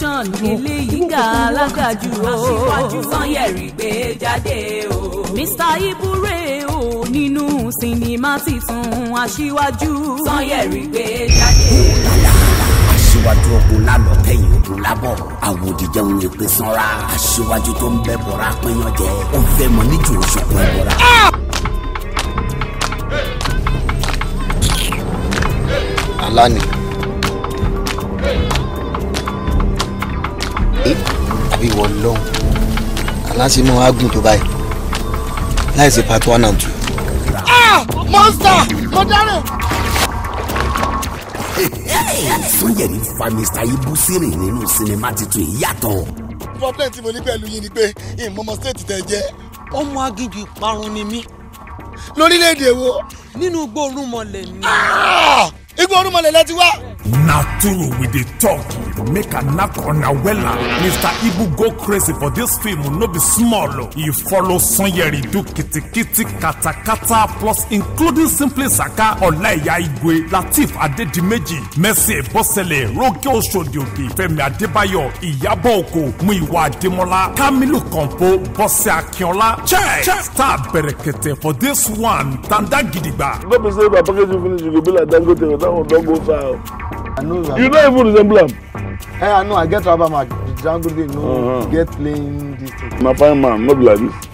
junction eléyìí ga alágàjù o Sanyẹ̀rì gbé jáde o. Mr Ibure o nínú sinimá titun aṣíwájú Sanyẹ̀rì gbé jáde aṣíwájú ọkùn lálọ́ tẹ̀yìn ogun lábọ̀ àwọn òdìjẹ́ ń lè pè sanra aṣíwájú tó ń bẹ bọ̀rọ̀ apẹ́yàn jẹ́ ó fẹ́ mọ níjù òṣùpọ̀ ẹ̀ bọ̀rọ̀. alani. bí ìwọ lọ́hùn aláṣẹmọ agùn tó báyìí láì ṣe part one and two. ah monster mo dáràn. sóyẹ̀rì fa mr ibu sírì nínú sinimá titun ìyàtọ̀. problem tí mo ní pẹ̀lú yín ni pé ìmọ̀mọ́ state tẹ̀ jẹ́. ọmọ agídí ìparun ni mí. lórílẹ̀‐èdè wo. nínú igbó orúnmọlẹ̀ ni. Ah! igbó orúnmọlẹ̀ lẹ ti wá na true we dey talk make i knack una wella mr ibu go crazy for dis film no be small o oh. e follow sanyeri do kitikiti katakata plus including simply saka ọláìyá igwe lateef adedimeji mercy bọ́sẹ̀lẹ̀ roge oṣodioke fẹ́mi adébáyọ̀ ìyábọ̀ oko muiwa ademola kamilu kọ̀ǹpó bọ́sẹ̀ akínọlá Check. star bẹ̀rẹ̀kẹ̀tẹ̀ for this one tanda gidigba. no be say na packaging finish you go be like dangote that one don go far oh. I know Rabama. You don't even resemble him. Hey, eh, I know. I get Rabama. Django, they know. Uh -huh. Get playing this thing. My fine man, not like this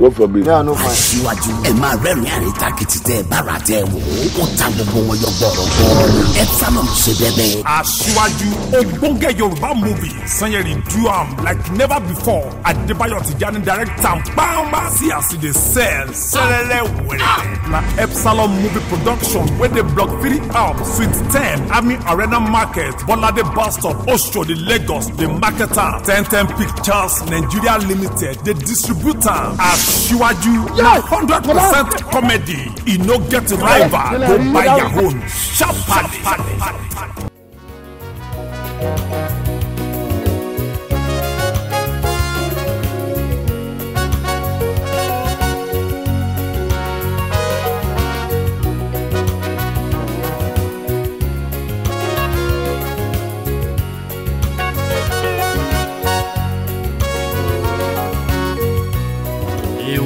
no problem. yóò no fine. síwájú ẹ máa rẹ́rìn-ín àríntàkìtì tẹ bára tẹ wò ó ta gbogbo wọn yọ gbọ̀rọ̀gbọ̀rọ̀ ẹ fáwọn ṣe bẹ́ẹ̀. aṣíwájú ògbóngẹ yorùbá movie sanyẹri do am like never before adébáyọ̀ tìjání direct am pàmò see as e dey sell sẹlẹlẹ wẹrẹ na epsilon movie production wey dey block three up suite ten army arena market bolade bus stop oshodi lagos dey market am ten ten pictures nigeria limited dey distribute am as. Shiwaju na hundred percent comedy e no get rival go buy your own sharp pale.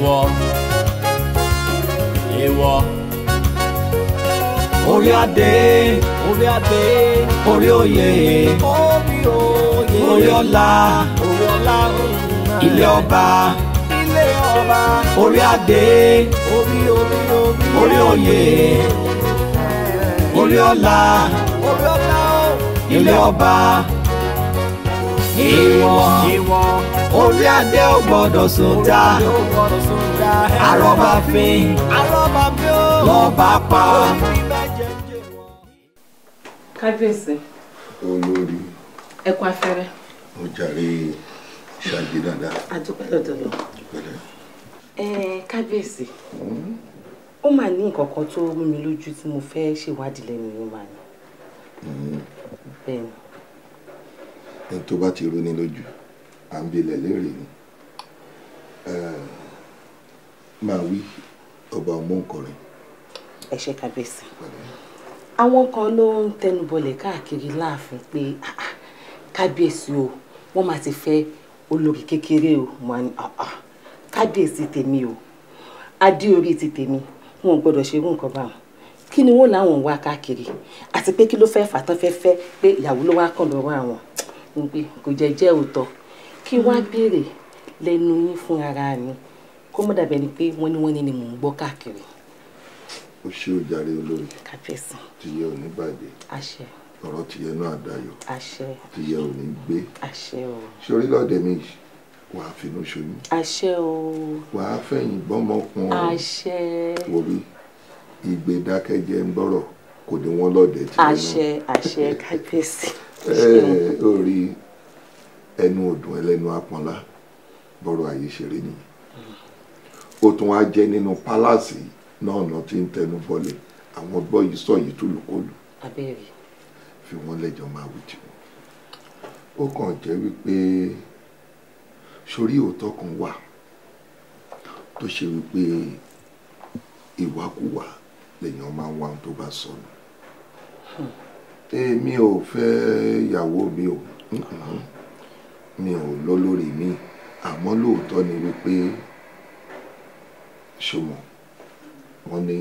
Èèwọ̀ èèwọ̀. Orí adé orí adé orí oyè orí oyè orí ọlá orí ọlá ilé ọba ilé ọba orí adé orí adé ò gbọ́dọ̀ sùn ta arọ́bàfin lọ́ba pa. kábíyèsí. olórí. ẹkún afẹ́rẹ́. mo jàre ṣáájú dáadáa. àdúpẹ́ lọ́dọ̀ lọ. kábíyèsí hmm? ó mà ní nǹkan kan tó mú mi lójú tí mo fẹ́ ṣèwádìí lẹ́nu yóò máa ní. Hmm? bẹ́ẹ̀ ni. ẹni tó bá ti roni lójú à ń bilẹ̀ léèrè ni máa wí ọba ọmọ nkọrin. ẹ ṣe kábíyèsí àwọn kan ló ń tẹnubọlẹ̀ káàkiri láàfin pé ah, ah, kábíyèsí o wọ́n máa ti fẹ́ olórí kékeré o máa ní ah, kábíyèsí tèmi o adéorí ti tèmi wọn ò gbọ́dọ̀ ṣe irú nǹkan báwọn kí ni wọn làwọn ń wá káàkiri àti pé kí ló fẹ́ fàtán fẹ́ fẹ́ pé ìyàwó ló wá kàn lọ́wọ́ àwọn ń kò jẹ́ jẹ́ òótọ́ kí wá béèrè lẹ́nu yín fún ara mi kó mọ̀ dàbẹ̀ ni pé wọ́n ní wọ́n ní ni mò ń gbọ́ káàkiri. o ṣe o jàre olórí kábíyèsí tìyẹ ò ní bàjẹ́ àṣẹ ọ̀rọ̀ tìyẹ náà dayọ̀ àṣẹ tìyẹ ò ní gbé àṣẹ o ṣe orílẹ̀-èdè mi wàá finú ṣoyún àṣẹ o wàá fẹ̀yìn gbọ́mọkùn àṣẹ orí ìgbé dákẹ́jẹ́ ń bọ̀rọ̀ kò ní wọ́n lọ́dẹ̀ tìyẹ náà àṣẹ àṣẹ kábíyèsí. ẹ ẹ orí ẹnu ọdún ẹlẹ́nu apọ́nlá bọ́rọ̀ ayé ṣeré ni ó tún wá jẹ́ nínú pálásì náà náà ti ń tẹnu bọ́lẹ̀ àwọn gbọ́ yìí sọ yìí túlùkọlù fi wọ́n lẹ́jọ́ máa wí jù ó kàn jẹ́ wípé sórí òótọ́ kan wà tó ṣe wípé ìwàkuwà lèèyàn máa ń wá ohun tó bá sọnù hmm. èmi ò fẹ́ ìyàwó mi o. Mm mi ò lọ lórí mi àmọ́ lóòótọ́ ni wípé ṣùgbọ́n wọ́n ní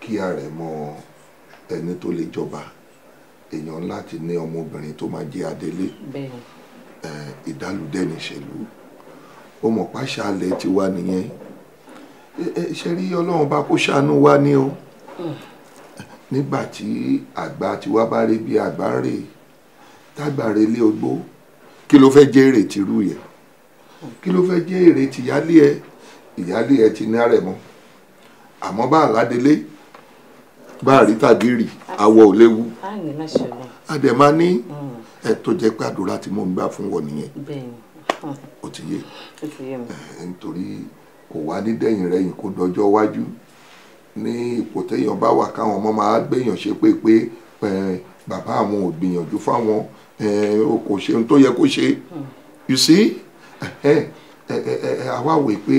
kí ààrẹ mọ ẹni tó lè jọba èèyàn láti ní ọmọbìnrin tó máa jẹ́ adélé ìdálùdẹ níṣèlú ó mọ̀ páṣá ti wá nìyẹn ṣe rí ọlọ́run bá kó ṣàánú wá ní o mm. nígbà tí àgbà tiwa bá rí bí àgbà rèé tágbàrẹ ilé ọgbó kí ló fẹ́ jẹ́ èrè tìrú yẹ kí ló fẹ́ jẹ́ èrè tìyálé ẹ ìyálé ẹ ti ní àrẹ̀mọ àmọ́ bá àládélé bá àrítàgìrì àwọ̀ ò léwu àdèmá ní hmm. ẹ tó jẹ́ pé àdúrà tí mò ń gbà fún wọn nìyẹn ó ti yé nítorí kò wá ní dẹ́yìn rẹ́yìn kó dọjọ́ wájú ní ipò téèyàn bá wà káwọn ọmọ máa gbéyàn ṣe pé pé bàbá àwọn ò gbìyànjú fáwọn o kò ṣe ohun tó yẹ kó ṣe you see àwa wò pé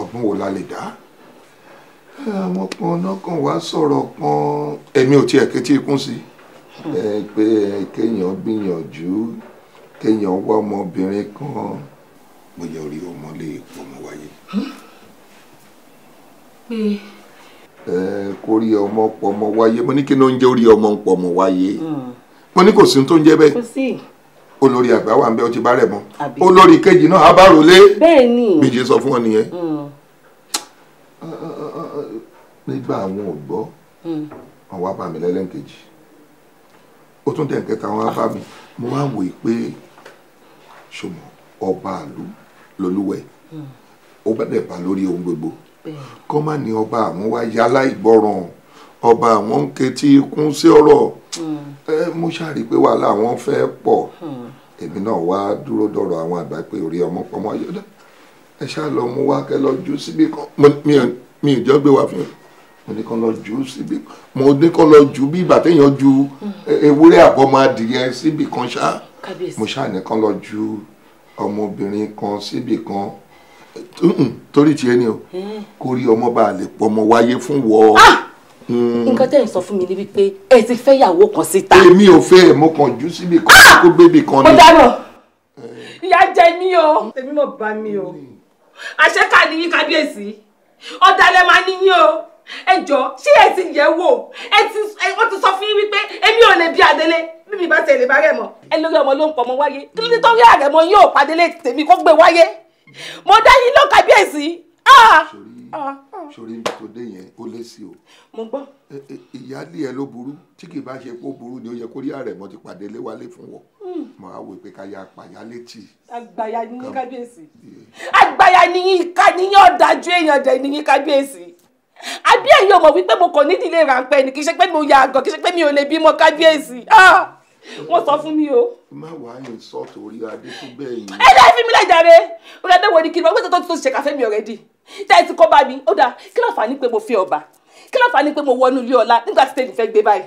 ọ̀gbun wo la lè dá àwọn kan náà kàn wá sọ̀rọ̀ kan èmi ò tiẹ̀ kétí ikún sí pé kéèyàn gbìyànjú kéèyàn wá ọmọbìnrin kan bóyá orí ọmọlé ọmọ wáyé. kórí ọmọ pọ̀ ọmọ wáyé mo ní kí ló ń jẹ́ orí ọmọ ń pọ̀ ọmọ wáyé. Mm mo ní kò sí tó ń jẹ́ bẹ́ẹ̀. kò sí. olórí àgbà wà ń bẹ ó ti bá rẹ̀ mọ́ olórí kejì náà á bá rọlé. bẹ́ẹ̀ ni bíjì sọ fún ọ nìyẹn. Mm. nígbà àwọn ò gbọ́ mm. àwọn wá bá mi ó tún tẹ̀ ń kẹta wọn mo wá wò ó pé ṣùgbọ́n ọba àlú lolúwẹ̀ mm. ó bẹ̀rẹ̀ bá lórí ohun gbogbo kọ́ má ní ọba àwọn wá yálà ìgbọràn ọba àwọn ń ketí ikún sí ọ̀rọ̀ mo ṣàrí pé wàhálà wọn fẹ́ pọ̀ èmi náà wá dúró dọ̀rọ̀ àwọn àgbà pé orí ọmọ pọ̀ mọ́ ayọ́dá ẹ ṣáà lọ mú wá kẹ́ lọ jù síbi kan mi ò jọ́ gbé wá fún yín mo ní kàn lọ jù síbi mo ní kàn lọ jù bí ìgbà téèyàn ju ewúrẹ́ àbọ̀mọ adìyẹ síbi kan ṣáà mo ṣáà ní kàn lọ jù ọmọbìnrin kan síbi kan torí tiẹ̀ ni o kó rí ọmọ bá lè pọ̀ ọmọ wáyé fún wọ́ọ́. Ah! Mm. nǹkan tẹ́ ẹ̀ ń sọ fún mi ni wípé ẹ ti fẹ́ yàwó kan síta. èmi ò fẹ́ ẹ̀ mo kàn jù síbi kan ah! kó bébì kan ni. ó dáná eh. ìyá jẹ mí o èmi mọ̀ bá mi o mm. àṣekà ni yín kábíyèsí ọ̀dàlẹ̀ máa ní yín o ẹ jọ ṣé ẹ ti yẹ̀ wò ẹ ti wọ́n ti sọ fún yín wípé èmi ò lè bí adélé bí mi bá tẹ̀ lè bá rẹ̀ mọ́. ẹ lórí ọmọ ló ń pọ̀ mọ́ wáyé kí ló tó rí àrẹ̀ mọ́ yóò padélé tèmi kó gbé wáyé mo dá yín lọ kábíyèsí. Ah! sori ah! sori mi tó dé yẹn ó lé sí o mo gbọ́. ìyáálé ẹ ló burú tí kì í bá ṣe pé ó burú ni ó yẹ kó rí ààrẹ mọ ti pàdé léwálé fún wọn mọ àwọ ìpè ká ya pàyà létí. àgbàyà ni yín kábíyèsí àgbàyà ni yín ká ni yín ọ̀dájú èèyàn dẹ̀ ni yín kábíyèsí àbí ẹ̀yin ò mọ̀ wípé mo kàn nídìílé ráńpẹ́ ni kì í ṣe pé mo ya àgàn kì í ṣe pé mi ò lè bímọ kábíyèsí ah! wọ́n sọ fún mi o. má wàá yẹn sọ torí adé tó bẹ́ẹ̀ yín. ẹ dá fi mi lẹ jàre ọ̀rẹ́dẹ́wọ̀ ni kí n bá wípé tó ti ṣe kàfẹ́ mi ọ̀rẹ́dì tẹ́ ẹ ti kọ́ bá mi ó dáa kí kí ló fà ní pé mo wọnú ilé ọ̀la nígbà tí tèmi fẹ́ gbé báyìí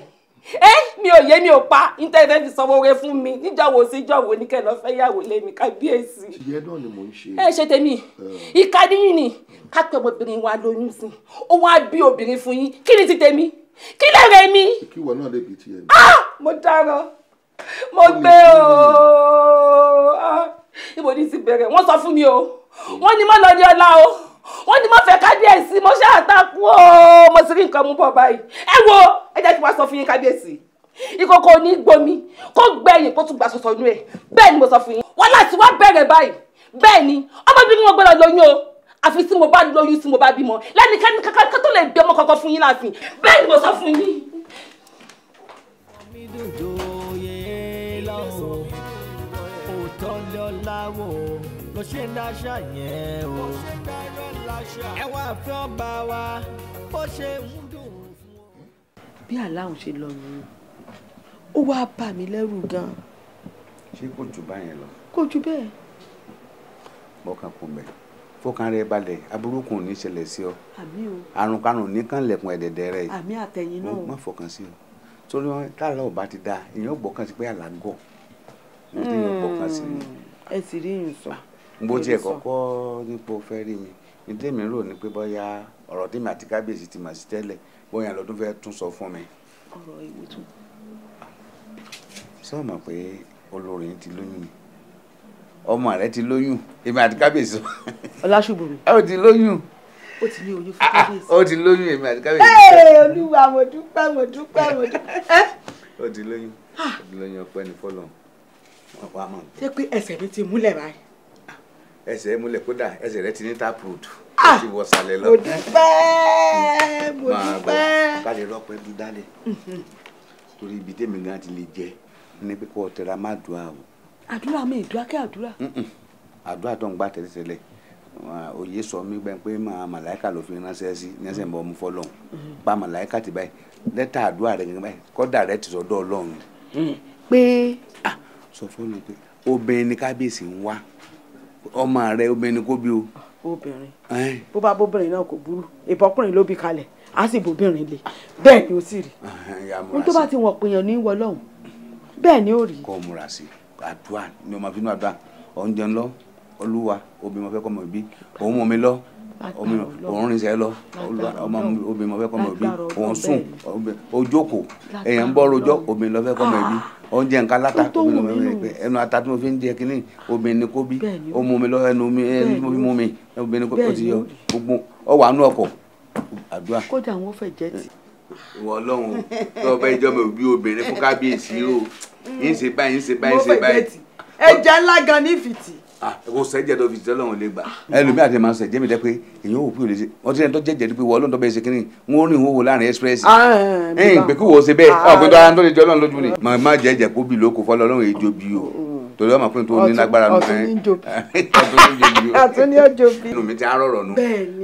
ẹ mi ò yé mi ò pa intanet fi sanwó rẹ fún mi níjọ̀wọ́ sí ìjọ̀wọ́ ní kẹlọ fẹ́ yàwó lé mi kábíyèsí. ìyẹn náà ni mò ń ṣe. ẹ ṣe tèmi ìka níyìn ni ká pé ọmọbìnrin wa lóyún sí ó wá bí obìnrin fún yín kí ni ti tèmi kí lè rẹ mi. kí ìwọ náà lè bí tiẹ̀ mi. Ah! mo dára mo gbé o ah! ibo ni ti bẹ̀rẹ̀ wọ́n sọ fún mi o wọ́n ní mọ́ lọ ní ọlá o ni mo fẹ́ kábíyèsí mo ṣáà takú o mo sì rí nǹkan mú bọ̀ báyìí ẹ wo ẹ jẹ́ kí wàá sọ fún yín kábíyèsí ìkòkò ò ní gbomi kó gbẹ̀yìn kó tún gbà sọ̀sọ̀ inú ẹ̀ bẹ́ẹ̀ ni mo sọ fún yín wọ́n láti wá bẹ̀rẹ̀ báyìí bẹ́ẹ̀ ni ọmọbìnrin wọn gbọ́dọ̀ lóyún o àfi tí mo bá lóyún tí mo bá bímọ lẹ́nikẹ́ni kankan tó lè bí ọmọ kankan fún yín láàfin bẹ́ẹ̀ ni mo sọ fún yín. òtọ́ ṣe ń dáṣà yẹn o ẹ wá fẹ́ ọba wa ó ṣe ń dùn fún ọ. bí aláhùn ṣe lọ nìyẹn ó wáá bà mí lẹ́rù gan-an. ṣé kò jù báyẹn lọ. kò jù bẹ́ẹ̀. bọ́kàn kò mẹ́ fọkàn balẹ̀ aburú ní ṣẹlẹ̀ sí ọ. àmín o. àrùn karùn nìkan lẹ̀kùn ẹ̀dẹ̀dẹ̀ rẹ. àmín àtẹ̀yìn náà. má fọkàn sí o torí wọn táàlà ò bá ti dáa èèyàn gbọ́kàn sí pé àlágọ̀ èèyàn gbọ́kàn sí. Hmm. ẹ sì rí ìyùn sọ. bó tiẹ̀ kọ́kọ́ nípò fẹ́ rí mi ní tèmi rò ní pé bóyá ọ̀rọ̀ tèmi àti kábíyèsí ti mà sí tẹ́lẹ̀ bóyá lọ́dún fẹ́ tún sọ fún mi. ọ̀rọ̀ ìwé tún. sọ ma pé olórí ti lóyún ni ọmọ rẹ ti lóyún èmi àti kábíyèsí. ọlásùbùrù. ó ti lóyún ó ti ní oyún fún ah, ah, kábíyèsí. ó ti lóyún èmi àti kábíyèsí. ee olúwa mo dúpẹ́ mo dúpẹ́ mo dúpẹ́. ó ti lóyún ah. ó ti lóyún ọpẹ́ ní fọlọ́n. ṣé pé ẹsẹ̀ mi ti múlẹ̀ báyìí ẹsẹ̀ múlẹ̀ kódà ẹsẹ̀ rẹ ti ní taproot ah! ó ti wọ sàlẹ̀ lọ. mo dúpẹ́ mo dúpẹ́. ká lè rọpẹ́ dún dálẹ̀ torí ibi tèmi gan ti lè jẹ ní pé kó o tẹra má dùn àwọ. àdúrà mi ìdúrà kí àdúrà. àdúrà tó ń gbà tẹ́lẹ̀tẹ́lẹ̀ òye sọ mí gbẹ pé màá màláìka ló fi ránṣẹ́ sí níṣẹ́ bọ́ mu fọlọ́hún pa mm-hmm. màláìka ti báyìí lẹ́tà àdúrà rẹ̀ gẹ́gẹ́ báyìí kọ́dà rẹ̀ ti sọ́dọ̀ ọlọ́run. pé. Ah! sọ fún pé obìnrin ni kábíyèsí ń wá ọmọ rẹ obìnrin kó bí o. obìnrin bó bá bóbìnrin náà kò burú ìbọkùnrin ló bí kalẹ̀ á sì bóbìnrin le bẹ́ẹ̀ ni ó sì rí n tó bá ti wọ̀ pèèyàn ní ìwọ lọ́hùn ni ó rí. kọ́ múra sí àdúrà ni ọmọ àfihàn àdúrà ọ̀ ń jẹun lọ olúwa obìnrin mo kọ́ mọ̀ bí òun mọ̀ mi lọ òun rìnsẹ̀ lọ ọmọ obìnrin mo fẹ́ kọ́ ọmọ ẹbí òun sùn ojókòó èèyàn ń bọ́ rojọ́ obìnrin lọ fẹ́ kọ́ ọmọ ẹbí ah. oúnjẹ nǹkan láta obìnrin lọ fẹ́ ẹnu ata tí mo fi ń jẹ kínní obìnrin ni kó bí ó mú mi lọ ẹnu mi ẹnu tí mo fi mú mi obìnrin kó ti yọ gbogbo ọ wà nú ọkọ àdúrà. kódà wọn fẹ́ jẹ ti. ìwọ Ọlọ́run tó o bá ìjọ mi ò bí obìnrin fún kábíyèsí o mm. yín ṣe báyìí yín ṣe báyìí yín ṣe báyìí. ẹ̀jẹ̀ ńlá gan ní fìtì. Ah, kò sẹ́jẹ̀ tó fi ṣiṣẹ́ lọ́hùn lè gbà. Ah. ẹlòmí àti màá sẹ̀ jẹ́mi dẹ́ pé èyàn ò pè lè ṣe ti rẹ̀ tó jẹ́jẹ́ dípé wọ́n lóńtọ́ bẹ́ẹ̀ ṣe kínní ń rìn òwò láàrin express. ẹ̀ẹ́n ah, eh, eh, eh, pé kí ṣe bẹ́ẹ̀ ọ̀gbìn ara tó lè jọ ọlọ́run lójú ni. màmá jẹ́jẹ́ kó bì lóko fọlọ́ ọlọ́run èjò bì o. Mm torí ọmọ pé tó ní lágbára nù ẹ ọtún ní ọjọ bí inú mi ti á rọrọ nù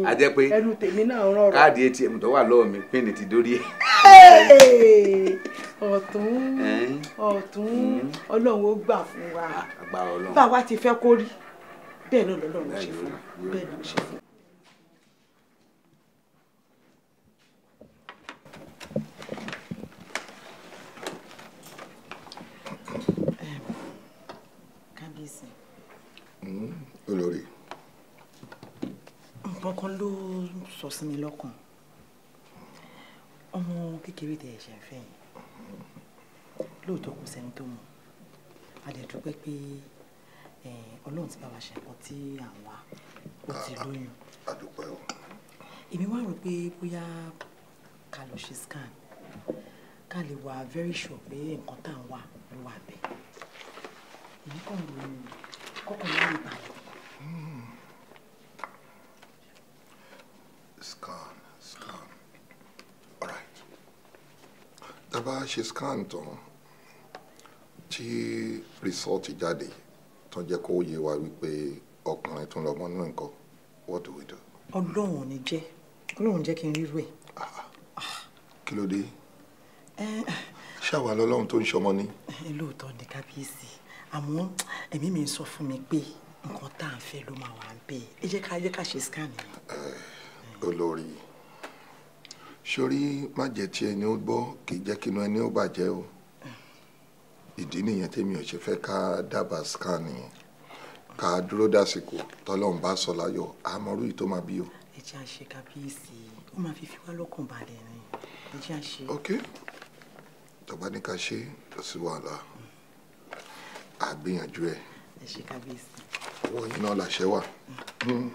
a pé káàdì atm tó wà lọ́wọ́ mi pín ní ti dórí ẹ. ọ̀tún ọ̀tún ọlọ́run ó gbà fún wa ah, bá wa ti fẹ́ kó rí bẹ́ẹ̀ náà lọ́lọ́run ṣe fún wa náà ṣe fún wa. olórí. nǹkan kan ló sọ sí mi lọ́kàn ọmọ kékeré tẹ ẹ̀ṣẹ̀ ń fẹ́ yìí lóòótọ́ kò sẹ́ni tó mọ̀ àdẹ̀dúpẹ́ pé ọlọ́run ti bá wa ṣe nǹkan tí à ń wá ó ti lóyún. àdúpẹ́ o. èmi wá rò pé bóyá ká lọ ṣe scan ká lè wà very sure pé nǹkan tá à ń wà ló wà bẹ́ẹ̀ èmi kàn ń kọ́kọ́ lórí ìbàlẹ̀. scan scan All alright dábà ṣe scan tán tí result jáde tán jẹ́ kó yé wa wípé ọkùnrin tó ń lọ mọ́nú nǹkan what do we do. ọlọ́run ò ní jẹ́ ọlọ́run jẹ́ kí n rírú Eh. Ah, ah. kí ló dé eh, eh. ṣáwa lọ́lọ́run tó ń ṣọmọ ni. Eh, lóòótọ́ ni kábíyèsí àmọ́ ẹ̀mí mi ń sọ fún mi pé nǹkan tá à ń fẹ́ ló máa wà ń bẹ́ẹ̀ ẹ jẹ́ ká jẹ́ ká ṣe scan yìí olórí sórí májẹ̀ tí ẹni ó gbọ́ kì í jẹ́ kí inú ẹni ó bàjẹ́ o ìdí nìyẹn tèmi ò ṣe fẹ́ ká dábàá scan nìyẹn ká dúró dásìkò tọ́lọ́run bá sọ láyọ̀ àmọ́rú yìí tó máa bí o. ẹ jẹ́ àṣẹ kábíyèsí ó máa fi fi wá lọ́kàn balẹ̀ ni ẹ jẹ́ àṣẹ. ok tọ́ba ní ká ṣe lọ sí wàhálà àgbìyànjú ẹ. ẹ ṣe kábíyèsí. ọwọ́ yìí làṣẹ wà. Mm. Mm.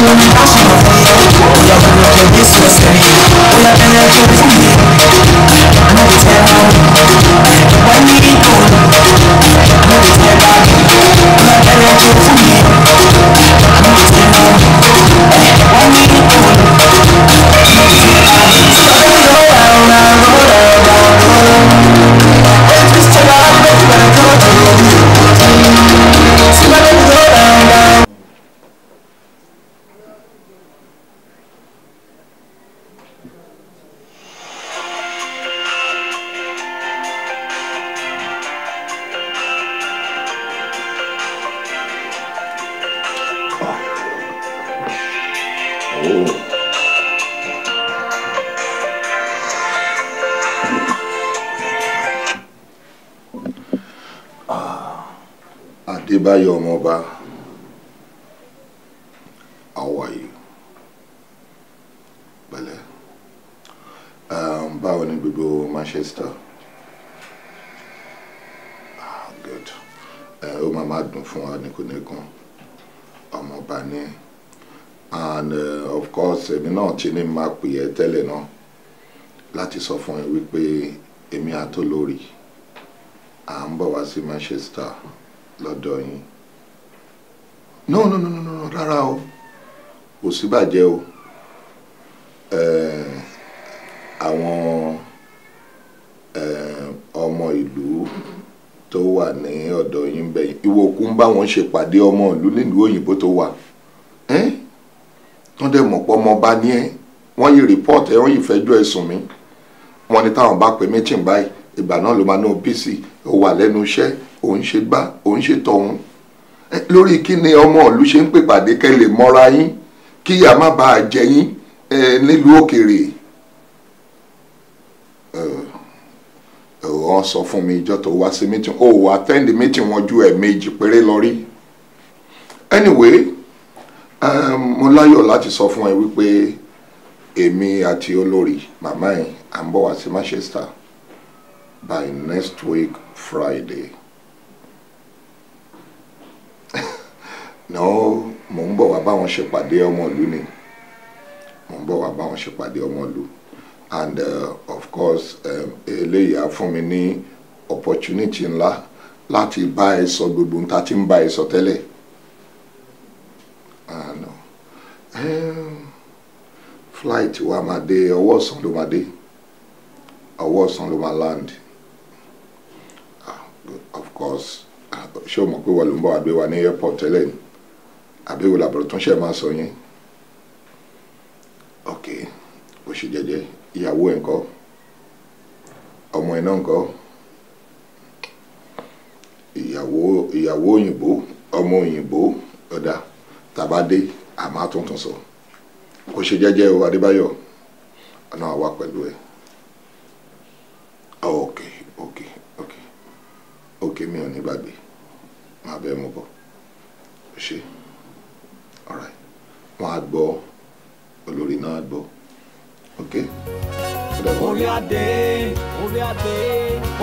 you in passion Oya, we make your business, baby Oya, energy with me I am know you tell sí bàjẹ́ o àwọn ọmọ ìlú tó wà ní ọ̀dọ̀ yín bẹ̀yìn ìwòkú ń bá wọn ṣèpàdé ọmọ ìlú nílùú òyìnbó tó wà wọ́n dẹ̀ mọ̀ pọ́ ọmọ bá ní ẹ́ wọ́n yìí rìpọ́ọ̀tì ẹ̀ wọ́n yìí fẹjọ́ ẹ̀sùn mi wọ́n ní táwọn bá pè méjì báyìí ìgbà náà ló máa ní OPC ó wà lẹ́nu iṣẹ́ òun ṣe gbá òun ṣe tọ̀hún lórí kí ni ọmọ ìlú ṣe ń pèpàdé kẹ́ mọ́ra yín kíyà má bàa jẹ yín nílùú òkèèrè wọ́n sọ fún mi ìjọ tó wá sí meeting ó wà attend meeting wọn ju ẹ̀ẹ̀mejì péré lọ rí anyway mo láyọ̀ láti sọ fún ẹ wípé èmi àti olórí màmá ẹ̀ à ń bọ̀ wá sí Manchester by next week Friday no mò ń bọ̀ wá báwọn ṣe pàdé ọmọ ìlú ni mò ń bọ̀ wá báwọn ṣe pàdé ọmọ and uh, of course um, eléyìí á fún mi ní opportunity ńlá láti bá ẹ sọ gbogbo nta tí ń bá ẹ sọ tẹ́lẹ̀ um, flight wa máa dé ọwọ́ ọ̀sán ló máa dé ọwọ́ ọ̀sán ló máa land ah, of course ah, ṣé o mọ̀ pé wọ́n ló ń bọ̀ wá gbé wa ní airport tẹ́lẹ̀ ni àbí wo làbọ̀rọ̀ tó ń ṣe máa sọ yín ok ó ṣe jẹ́jẹ́ ìyàwó ẹ̀ ńkọ́ ọmọ ẹ̀ náà ńkọ́ ìyàwó ìyàwó òyìnbó ọmọ òyìnbó ọ̀dà tàbá dé àmọ́ àtúntún sọ ó ṣe jẹ́jẹ́ o Adébáyọ̀ ọ̀nà àwa pẹ̀lú ẹ̀ ok ok ok ok mi ò ní gbàgbé màá bẹ́ẹ̀ mú bọ̀ ṣe. Sure alright wọn á gbọ́ olórí náà á gbọ́ ok. orí adé orí adé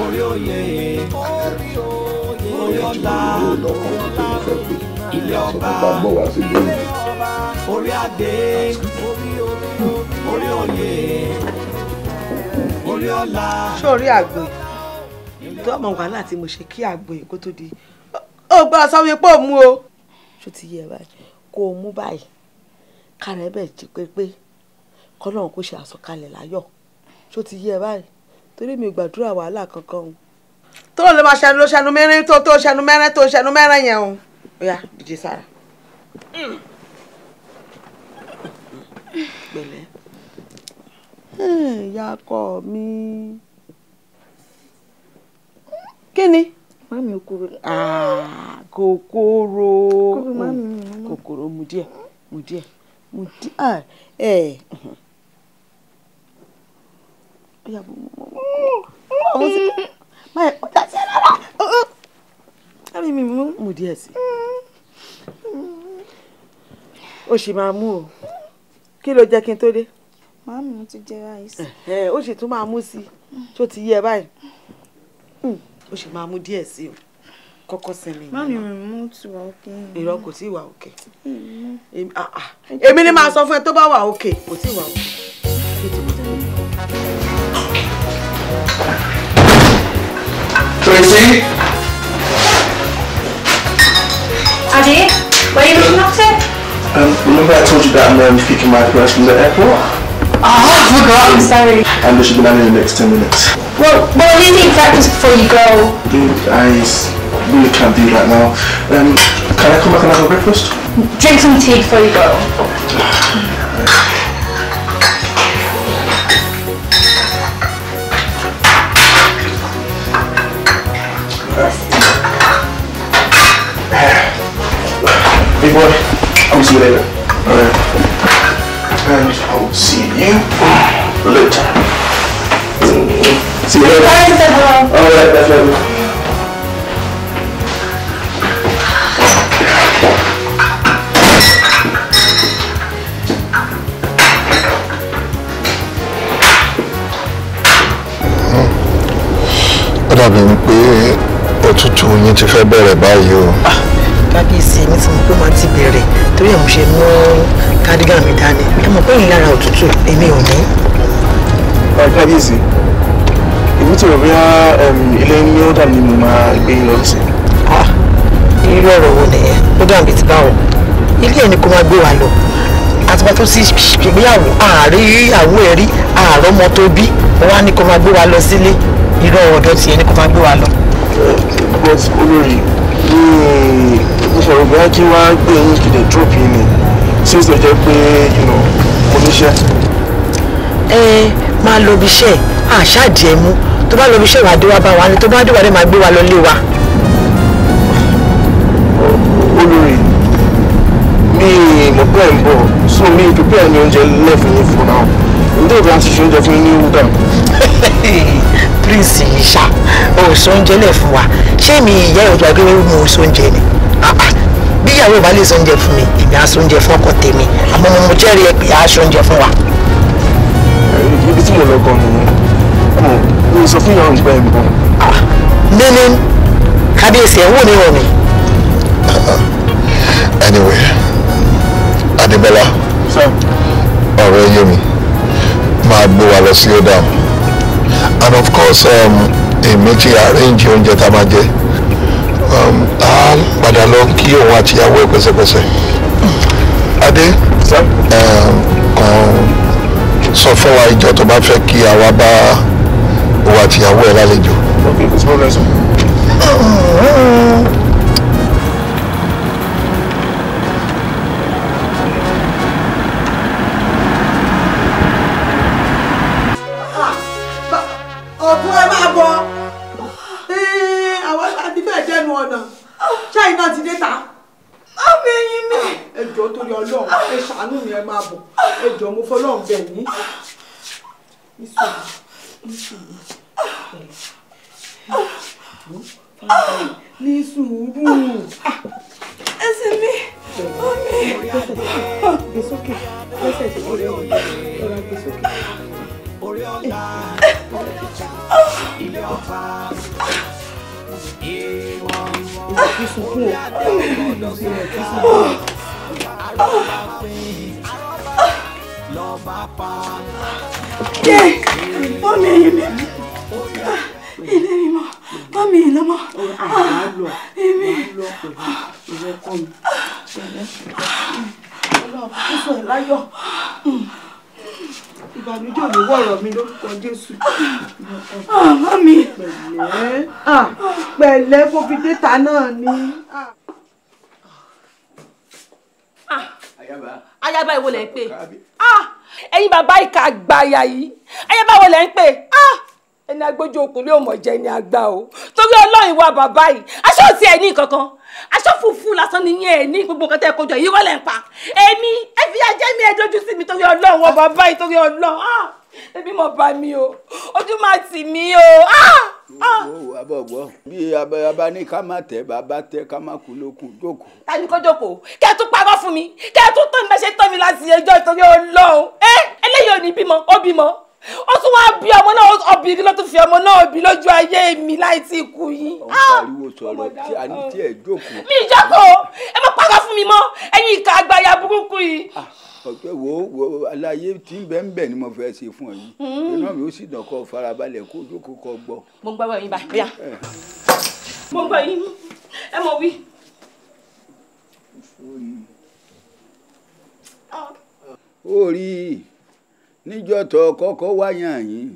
orí oyè orí oyè orí ọlá orí ọlá ilé ọba orí adé orí orí orí oyè orí ọlá. sórí tó ọmọ wàhálà tí mo ṣe kí àgbò yìí kó tó di ó gbọ́dọ̀ sọ wípé òun o. ṣó ti yé ẹ báyìí kó o mú báyìí kára ẹ bẹ̀ jí pépé kọ́nà kó ṣe àsọkalẹ̀ láyọ̀ ṣó ti yé ẹ báyìí torí mi gbàdúrà wàhálà kankan o. tó lè máa ṣẹnu ló ṣẹnu mẹ́rin tó tó ṣẹnu mẹ́rin tó ṣẹnu mẹ́rin yẹn o. ó yá dìde sára. pẹ̀lẹ́. ìyá ọkọ mi. kí ni mami okoro ni. kòkòrò kòkòrò mu díẹ̀ mu díẹ̀ mu díẹ̀ ẹ ọyà bò mọ ọhún sí báyìí ọjà sí rárá mami mi mú mu díẹ̀ sí o sì máa mú o kí ló jẹ́ kí n tó dé. màámi mo ti jẹ ráìsì. ó sì tún máa mú sí i tó ti yẹ báyìí ó sì máa mú díẹ̀ sí o kọ́kọ́ sinmi ìyẹn. mami mi mú ti wà òkè. irọ́ kò tí ì wà òkè. Ah, ah. èmi ni màá sọ fún ẹ tó bá wà òkè kò tí ì wà òkè. Tracy. Adi, were you looking upset? Um, remember I told you that I'm um, picking my parents from the airport? Ah, oh, I forgot. I'm um, sorry. And they should be landing in the next 10 minutes. What, what do you think happens before you go? Dude, I really can't do that now. Um, can I come back and have a breakfast? Drink some tea before you go. Big boy, I'll see you later. Alright. And I'll see you later. See you later. All right, that's right. dàbí pé òtútù yín ti fẹ́ bẹ̀rẹ̀ báyìí o. Ah, kábíyèsí èmi ti mọ̀ pé màá ti bẹ̀rẹ̀ torí ẹ̀ mo ṣe mú kádígà mi dání ẹ mọ̀ pé ìlara òtútù èmi ò ní. Ah, kábíyèsí èmi ti rò bí ilé ní ọ̀dà ni mo máa gbé lọ sí. irú ọ̀rọ̀ wo nìyẹn ó dàbí ti báwo ilé ẹ̀ ni kó máa gbé wa lọ àtìgbà tó ti ṣègbéyàwó ààrẹ ìyàwó ẹ̀ rí ààrọ̀ ọmọ tó bí wọn á ní kó máa gbé wa lọ sílé irú ọ̀dọ̀ tiẹ̀ ni kó máa gbé wa lọ. but olórí ní ìṣòro bí wọ́n kí wọ́n gbé yín kìdè drop yín ni tí ó sì jẹ́ pé oníṣẹ́. ẹ máa lọ bí iṣẹ́ àṣàdìẹ mú tó bá lọ bí iṣẹ́ ìwà dé wá bá wa ni tó bá dé wá dé máa gbé wa lọ lé wa. olórí mi mo pẹ́ ń bọ̀ so mi prepare ni oúnjẹ left ní for now ǹjẹ́ ìgbà ti ṣe oúnjẹ fún ní wúdà. prince ìṣà òòsàn oúnjẹ lẹ̀ wa ṣé mi ìyá ìwọ̀n gbàgbé mi òòsàn oúnjẹ ni ah, ah, bí ìyàwó ìbá lè sóúnjẹ fún mi èmi á sóúnjẹ fún ọkọ tèmi àmọ́ mo jẹ́rìí ẹ pé á sóúnjẹ fún wa. ibi tí mo lọ gan-an nìyẹn dákun mi sọ fún ìyọrùn pẹ́ ẹ̀gbọ́n. Ah, níní kábíyèsí ẹ̀ wò mí wọ̀ mí. Uh-huh. anyway adébọ́lá ọ̀rọ̀ ẹyẹ mi máa gbé wa lọ sí odam and of course um, èméjì arrange oúnjẹ tá a máa jẹ á um, padà lọ kí òun àtìyàwó ẹ̀ pẹ́sẹ́pẹ́sẹ́ adé um, kan sọ fún wa ìjọ tó bá fẹ́ kí àwa bá òun àtìyàwó ẹ̀ lálejò. ok kò sí problem àgbà náà ni. ayaba ìwo lẹ ń pè ah! ẹ̀yin bàbá ìka àgbàyà yìí ayaba ìwo lẹ ń pè ah! ẹni agbójú ọkùnrin òmọ̀jẹ ni àgbà o torí ọlọ́run ìwà bàbá yìí aṣọ òsì ẹ̀ ní kankan aṣọ funfun lásán ni yẹn ẹ̀ ní gbogbo nǹkan tẹ́ ẹ kọjọ yìí wọ́n lẹ̀ ń pa èmi ẹ fi ajẹ́ ẹ dojú sí mi torí ọlọ́run wọn bàbá yìí torí ọlọ́run. Ah! ebi mo bá mi o ojú máa tì mí o. Ah! Ah! abọ̀gbọ́ bí abá ní ká má tẹ̀ bàbá tẹ̀ ká má kú ló kù jókòó. ta ni kó jókòó kẹ́ ẹ tún parọ́ fún mi kẹ́ ẹ tún tán bẹ́ẹ̀ ṣe tán mi láti ẹjọ́ ìtọ́jú ọlọ́run ẹ eh! eléyìí ò ní bímọ ó bímọ ó tún wá bí ọmọ náà obìnrin ló tún fi ọmọ náà bí lójú ayé mi láì tí ì kú yìí. ọ̀hún ah! pariwo tí a ní tí ẹ̀ jókòó. mi ìjókòó ẹ má parọ́ fún mi mọ́ ẹ̀yin ìka àgbáyà burúkú yìí ọ̀pẹ wo wo aláyé tí ń bẹ́ ń bẹ̀ ni mo fẹ́ ṣe fún ọ yìí hmm. iná mi ó sì dàn kọ́ farabalẹ̀ kó jókòó kọ́ gbọ́. mo gbàgbọ́ yín báyà mo gbọ́ yín ẹ mọ̀ wí. ó rí i níjọ́ tó kọ́kọ́ wáyàn yìí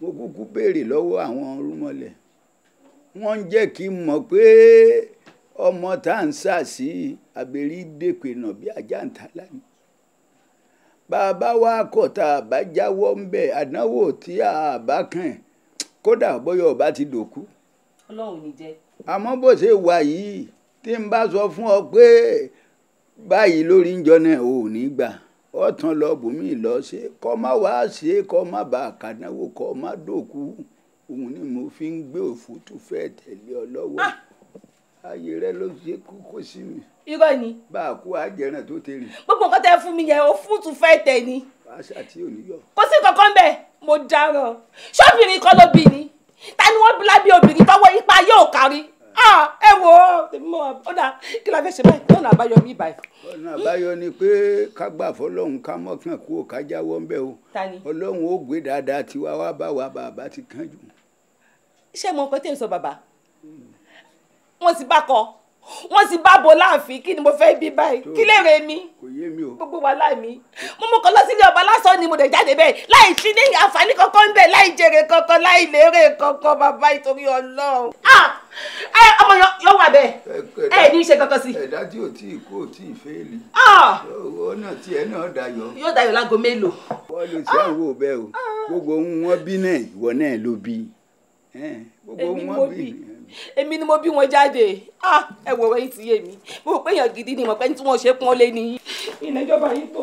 mo kúkú béèrè lọ́wọ́ àwọn rúmọlẹ̀ wọ́n ń jẹ́ kí n mọ̀ pé ọmọ tá à ń sà sí abẹ́rí dèpè nà bí ajá ń ta lánàá bàbá wa kọ̀ tá a bá jáwọ́ ń bẹ̀ àdánwò tí a bá kàn kódà bóyá ọba ti dòkú. ọlọ́run ní jẹ́. àmọ́ bó ṣe wà yìí tí n bá sọ fún ọ pé báyìí lórí ń jọ náà ò ní gbà ọ̀tàn lọ bùnmí lọ ṣe kọ́ má wàá ṣe kọ́ má bà á kàdánwò má dòkú òun ni mo fi ń gbé òfútù fẹ́ tẹ̀lé ọ lọ́wọ́. Ah ayé rẹ ló ṣe kókó sí mi. irọ́ ni. bá a kú àjẹrán tó ti rìn. gbogbo nǹkan tẹ fún mi yẹn o fúùtù fẹ́ tẹ̀ ni. àṣà tí ò ní yọ. kò sí kankan bẹ́ẹ̀ mo dáràn ṣọ́bìnrin kan ló bí ni ta ni wọ́n bí lábẹ́ obìnrin tọ́wọ́ ipa yóò kárí ẹ wo ọ̀nà kí la fẹ́ ṣe báyìí ọ̀nà àbáyọ mi báyìí. ọ̀nà àbáyọ ni pé ká gbà fọlọ́hún ká mọ̀kàn kú ká jáwọ́ ńbẹ́ o ọlọ́hún ó gbé dáadáa tiwa wá bá wa bàbá ti kánjú. iṣẹ́ mọ̀ nǹkan tí èso bàbá wọ́n sì bá kọ wọ́n sì bá bo láàfin kí ni mo fẹ́ bí báyìí kí lèrè mi gbogbo wa láì mi mo mú kọ lọ sílé ọba lásán ni mo lè jáde bẹ́ẹ̀ láì sí ní àǹfààní kankan ń bẹ láì jèrè kankan láì lérè kankan bàbá ìtorí Ọlọ́run ẹ ọmọ yọ wà bẹ́ẹ̀ ẹ ní í ṣe kankan sí. ẹ̀dá tí ò tí ì kó ò tí ì fẹ́ẹ̀lì. ọ̀nà tí ẹ náà dayọ̀. yóò dayọ̀ láago mélòó. wọ́n lè ṣe àwọ̀ bẹ́ẹ̀ o gbogbo ohun wọn bí náà ìwọ náà ló bí gbogbo ohun wọn bí èmi ni mo bí wọn jáde ah, ẹ wọ ẹ̀yìn ti yé mi mo rò pé èèyàn gidi ni mo pẹ́ ní tí wọ́n ṣe pọ́n lé ní. ìnájọba yìí tó.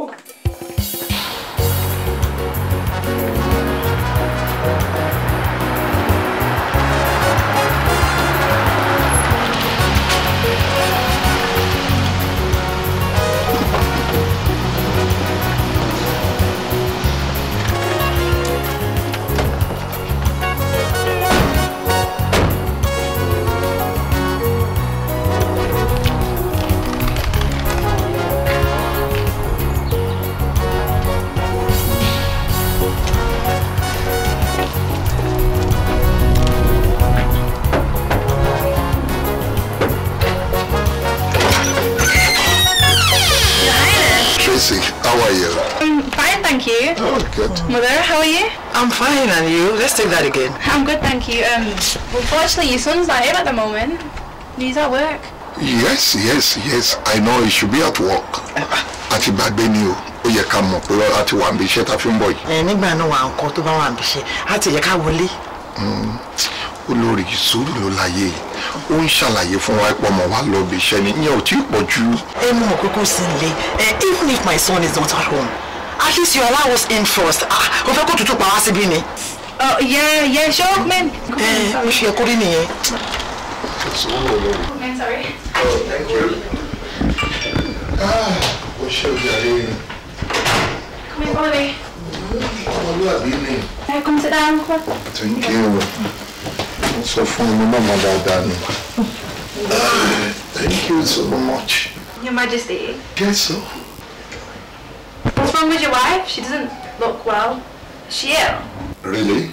How are you? I'm fine, thank you. Oh, good. Mother, how are you? I'm fine, and you? Let's take that again. I'm good, thank you. Um, unfortunately, your son's not here at the moment. He's at work. Yes, yes, yes. I know he should be at work. Àti the ni o. Ó yẹ ká mọ̀ pé a wà níbi iṣẹ́ ta fi ń bọ̀ nígbà wà nǹkan tó bá wà níbi iṣẹ́, a ti ká wọlé. Mm. olórí sùúrù ló láyé ó ń ṣàlàyé fún wa pé ọmọ wa lọ bí iṣẹ́ ni ìyẹn ò tí ì pọ̀ ẹ mú ọkọ kó sí ilé even if my son is not at home at least you allow us in first ah o fẹ́ kó tutù pa wá síbí ni. yẹ yẹ ṣé ó mẹ́ni. ẹ mo ṣe ẹkọ rí nìyẹn. Oh, ah, ó Come here. Ollie. Come here. Abby. Come sit down. Thank you. sọ fún mi náà mọ̀ Thank you so much. Your Majesty. Yes, sir. What's wrong with your wife? She doesn't look well. Is she ill? Really?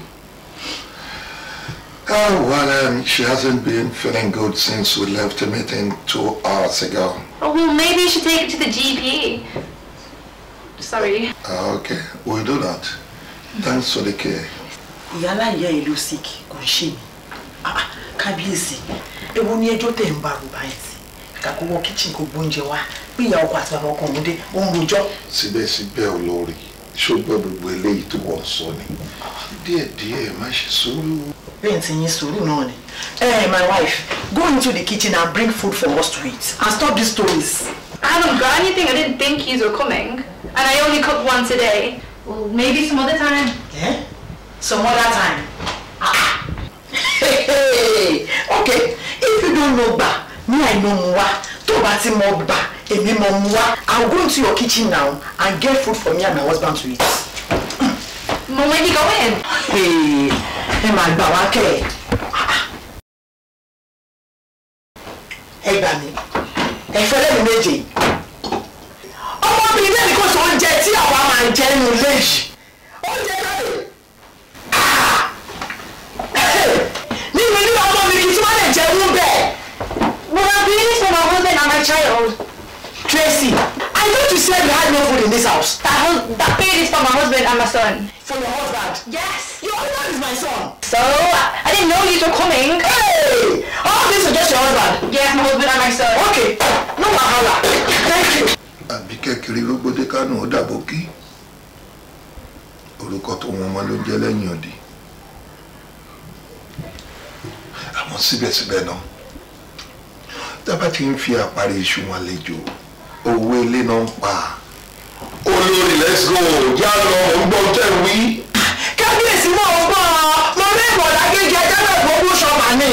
Oh, well, um, she hasn't been feeling good since we left the meeting two hours ago. Oh, well, maybe you should take it to the GP. Sorry. Uh, okay, we'll do that. Thanks for the care. Yala, ìyá ẹ̀ sick, kò Ah, ah, kábíyèsí ewu ní ẹjọ́ tẹ̀ ń bá rúbá yìí sí kàkó wọ kíchìn kó gbóúnjẹ wá bí ìyá ọkọ àti bàbá ọkọ òun dé ó ń rojọ́. síbẹ̀síbẹ̀ olórí ṣùgbọ́n gbogbo eléyìí tó wọ́n sọ ni díẹ̀díẹ̀ má ṣe sùúrù. bẹ́ẹ̀ ti yín sùúrù náà ni. ẹ my wife go into the kitchen and bring food for us to eat and stop these stories. I haven't got anything. I didn't think you were coming. And I only cooked one today. Well, maybe some other time. Yeah? Some other time. okay if you don't know ba, me i know mu wa tó o bá ti mọ gba èmi mọ mu I'll go into your kitchen now and get food for me and my husband to eat. mama you go in. Hey, máa gbà wá ke. ẹ̀. ẹ E mí ẹ fẹ́ lẹ́nu méje ọmọbìnrin lẹ́nu kò sọ oúnjẹ tí àwa máa ń jẹ́ nínú ilé yìí jẹ̀wú bẹ́ẹ̀. But I've been eating for my husband and my child. Tracy, I thought to said you had no food in this house. That, house, that paid is for my husband and my son. For your husband? Yes. Your husband is my son. So, I, didn't know you were coming. Hey! All this is just your husband? Yes, my husband and my son. Okay. No wahala. Thank you. Àbíkẹ́ kiri ló gbódé kánú ó dàbò kí orúkọ tó wọn mọ ló jẹ́ lẹ́yìn ọ̀dì. àmọ́ síbẹ̀síbẹ̀ náà tábà ti ń fi àparí iṣu wọn lejò owó ilé náà ń pa olórí let's go yá lọ ọgbọ́n tẹ̀ wí. kábíyèsí mọ̀ ọgbọ́n mo rí ìbọ̀dà gíga ẹjẹ́ bẹ̀ gbogbo ṣọ̀mà ni.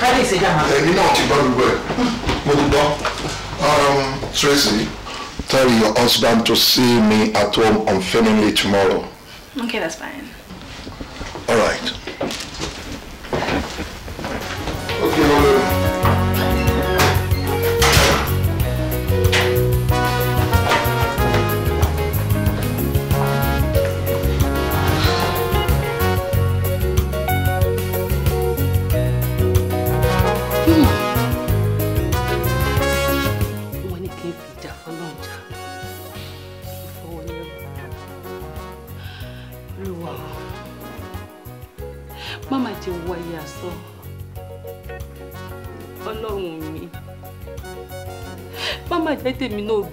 kábíyèsí dáhà. ẹ̀mí náà ti gbọ́ gbogbo ẹ̀ mo ti gbọ́ um, Tracy. Tell your husband to see me at home on family tomorrow. Okay, that's fine. All right.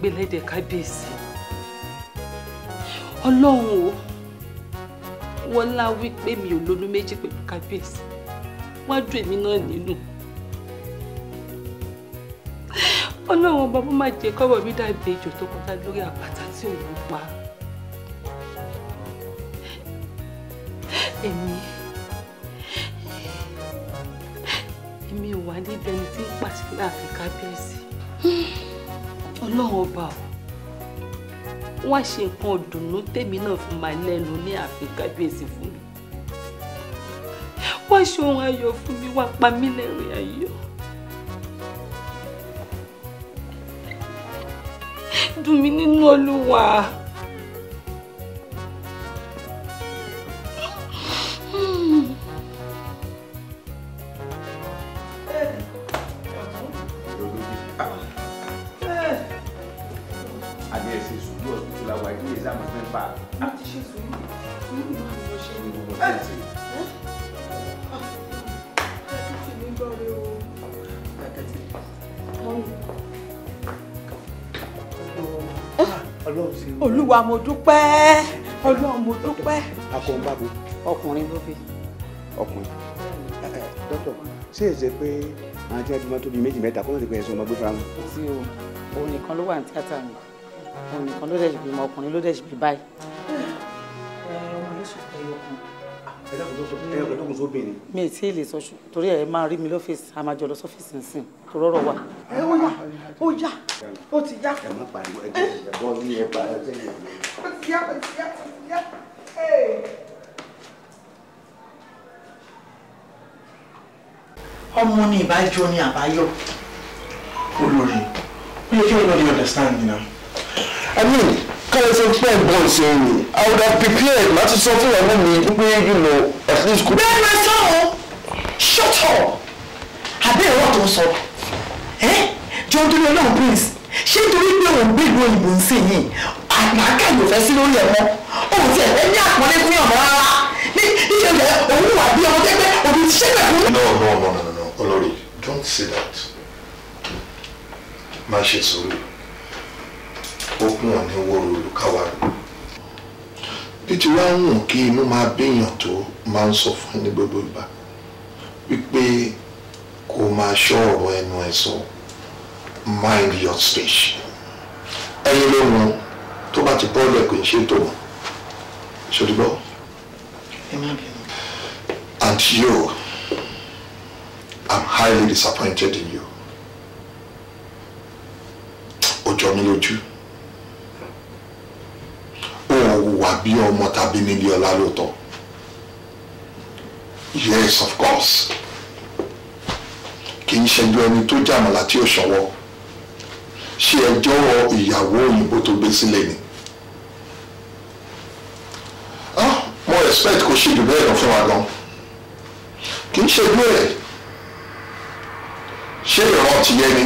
gbàgbé lẹ́dẹ̀ kábíyèsí ọlọ́run o wọ́n lá wípé mi ò lóyún méjì pẹ̀lú kábíyèsí wọ́n á dùn èmi náà nínú ọlọ́run ọba mo máa jẹ kọ́rọ̀ mi dàbí ejò tó kọjá lórí àpáta tí òun pa èmi èmi ò wá níbi ẹni tí ń pàṣẹ láàfin kábíyèsí ọlọ́run ọba o wọ́n á ṣe nǹkan ọ̀dùnnú tèmi náà fún máa lẹ́nu ní ààfin kábíyèsí fún mi wọ́n á ṣe ohun ayọ̀ fún mi wọ́n á pa mí lẹ́rìn ayọ̀ dùn mí nínú olúwa. olúwa mo dúpẹ́ ọlọ́run mo dúpẹ́. akọ̀ǹbàbò. ọkùnrin ló fi. ọkùnrin dókítà ṣé èsè pé àwọn tí wọ́n ti mọ́ tóbi méjì mẹ́ta kó ló ti ọmọ gbé fara mọ́. kò o òun nìkan ló wà ní tíátà mi òun nìkan ló dẹ̀ ṣe bímọ ọkùnrin ló dẹ̀ ṣe bí báyìí ẹ̀ẹ́dọ́gùn sóbìnrin. mi ì tí ì lè sọ torí ẹ máa rí mi lọ́fíìsì a máa jọ lọ sọ́fíìsì nsìn tó rọ́rọ̀ wa. ẹ ó yá ó yá ó ti yá. ẹ má pariwo ẹ jẹ ẹ bọ ní ẹ pa ẹ jẹ ẹ. ó ti yá ó ti yá ó ti yá. ọmọ ni ìbájọ ni àbáyọ. olórí ó yẹ kí olórí understand ni na. i mean kọ́lá ṣe ń pẹ́ bọ́ọ̀lù ṣe é yìí i would have prepared láti sọ fún ìyàwó mi wípé you know at least kò. bẹ́ẹ̀ máa sọ ọ́ shut up àbẹ́ ẹ̀rọ tó ń sọ ẹ́ john tó ní ọlọ́run prince ṣé torí pé òun gbé ìlú òyìnbó ń sè yìí àgbàkà yóò fẹ́ sí lórí ẹ̀mọ́ òun ti ẹ̀fẹ́ ní àpọ́nlé fún ọ̀mọ́ rárá ní ìṣẹ̀lẹ̀ òun wà bí ọmọ tẹ́gbẹ́ òbí ti ṣẹ́gbẹ̀ fún. no no no no no olórí don't say that má ṣe sùúrù ogun ọ̀nì wòrò olùkáwá rẹ̀ bí ti wá inú máa béèyàn tó máa ń sọ fún ní gbogbo ìgbà wípé kó máa ṣọ́ ọ̀rọ̀ ẹnu ẹ̀ sọ mind your speech ẹyin ló mọ tó bá ti bọ́ọ̀lù ẹ̀ kò ń ṣètò ṣòdìbọ́. and you i'm highly disappointed in you Ojo mi mí lójú wùwà bí ọmọ tàbí nílé ọlá lóòótọ́ yes of course kì í ṣẹjú ẹni tó jàmàlà tí ò ṣọwọ́ ṣé ẹ jọ̀wọ́ ìyàwó òyìnbó tó gbé sílẹ̀ ni ah mo expect kò ṣe jù bẹ́ẹ̀ lọ fún wa gan kì í ṣẹjú ẹ̀ ṣé ìran ti yẹ ni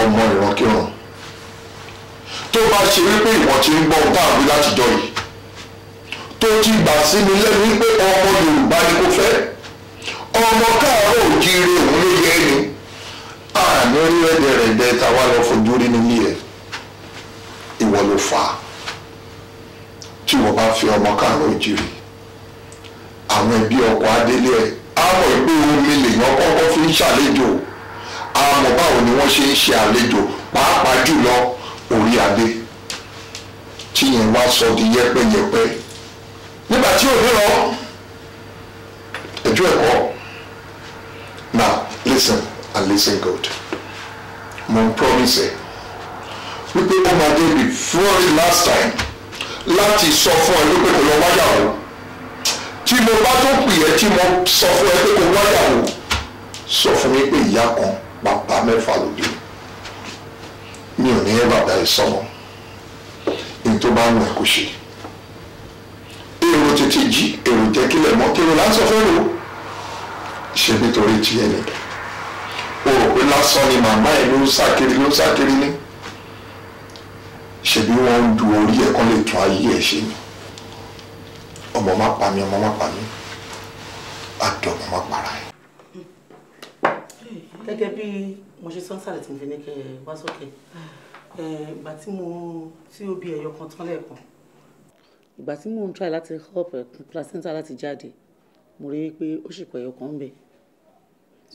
ọmọ ìran kírun tó bá ṣe wípé ìwọ̀n ti ń gbọ́ ọgbà àgbẹ̀ látijọ́ yìí tó ti gbà sí mi lẹ́nu wípé ọmọ Yorùbá ni kò fẹ́ ọmọ káàárọ̀ òjíire òun ló yẹ ẹni àní orílẹ̀-èdè rẹ̀ dẹ́ ta wá lọ fojú rí nílé ẹ̀ ìwọ ló fà á tí wọ́n bá fi ọmọ káàárọ̀ òjíire àwọn ẹbí ọkọ adélé ẹ̀ àmọ́ ìgbé omi lèèyàn kọ́kọ́ fi ń ṣàlejò àmọ́ báwo ni wọ́n ṣe ń ṣe àlejò pàápàá jùlọ orí adé tí yẹn wá sọ di yẹpẹyẹpẹ nígbà tí ò lọ ẹjọ́ ẹ̀kọ́ now listen and listen good mo n promise wípé ó máa dé before last time láti sọ fún ẹ wípé kò lọ wáyàwó tí mo bá tó pè ẹ́ tí mo sọ fún ẹ pé kò wáyàwó sọ fún mi pé ìyá kan bàbá mẹ́fà ló mi ò ní ẹ bàbá yìí sọmọ ní tó bá ń wẹ̀ kó ṣe èrò tètè jí èrò jẹ́ kílẹ̀ mọ́ kéré lásán fẹ́ ṣe nítorí tiẹ̀ ni o rò pé lásán ni màmá ẹ̀ ló ń sákiri ló ń sákiri ní ṣebí wọ́n ń du orí ẹ̀ kán lè tún ayé ẹ̀ ṣe ni ọmọ má pa mí ọmọ má pa mí àti ọmọ má para ẹ̀. gẹ́gẹ́ bíi mo ṣe sọ́nsàlẹ̀ tí mo fi ní kẹ́ ẹ wá sókè ìgbà tí mo tí ó bí ẹyọ kan tán lẹ́ẹ̀kan. ìgbà tí mò ń try láti help ẹ̀kún placenta láti jáde mo rí i pé ó sì kọ kan ń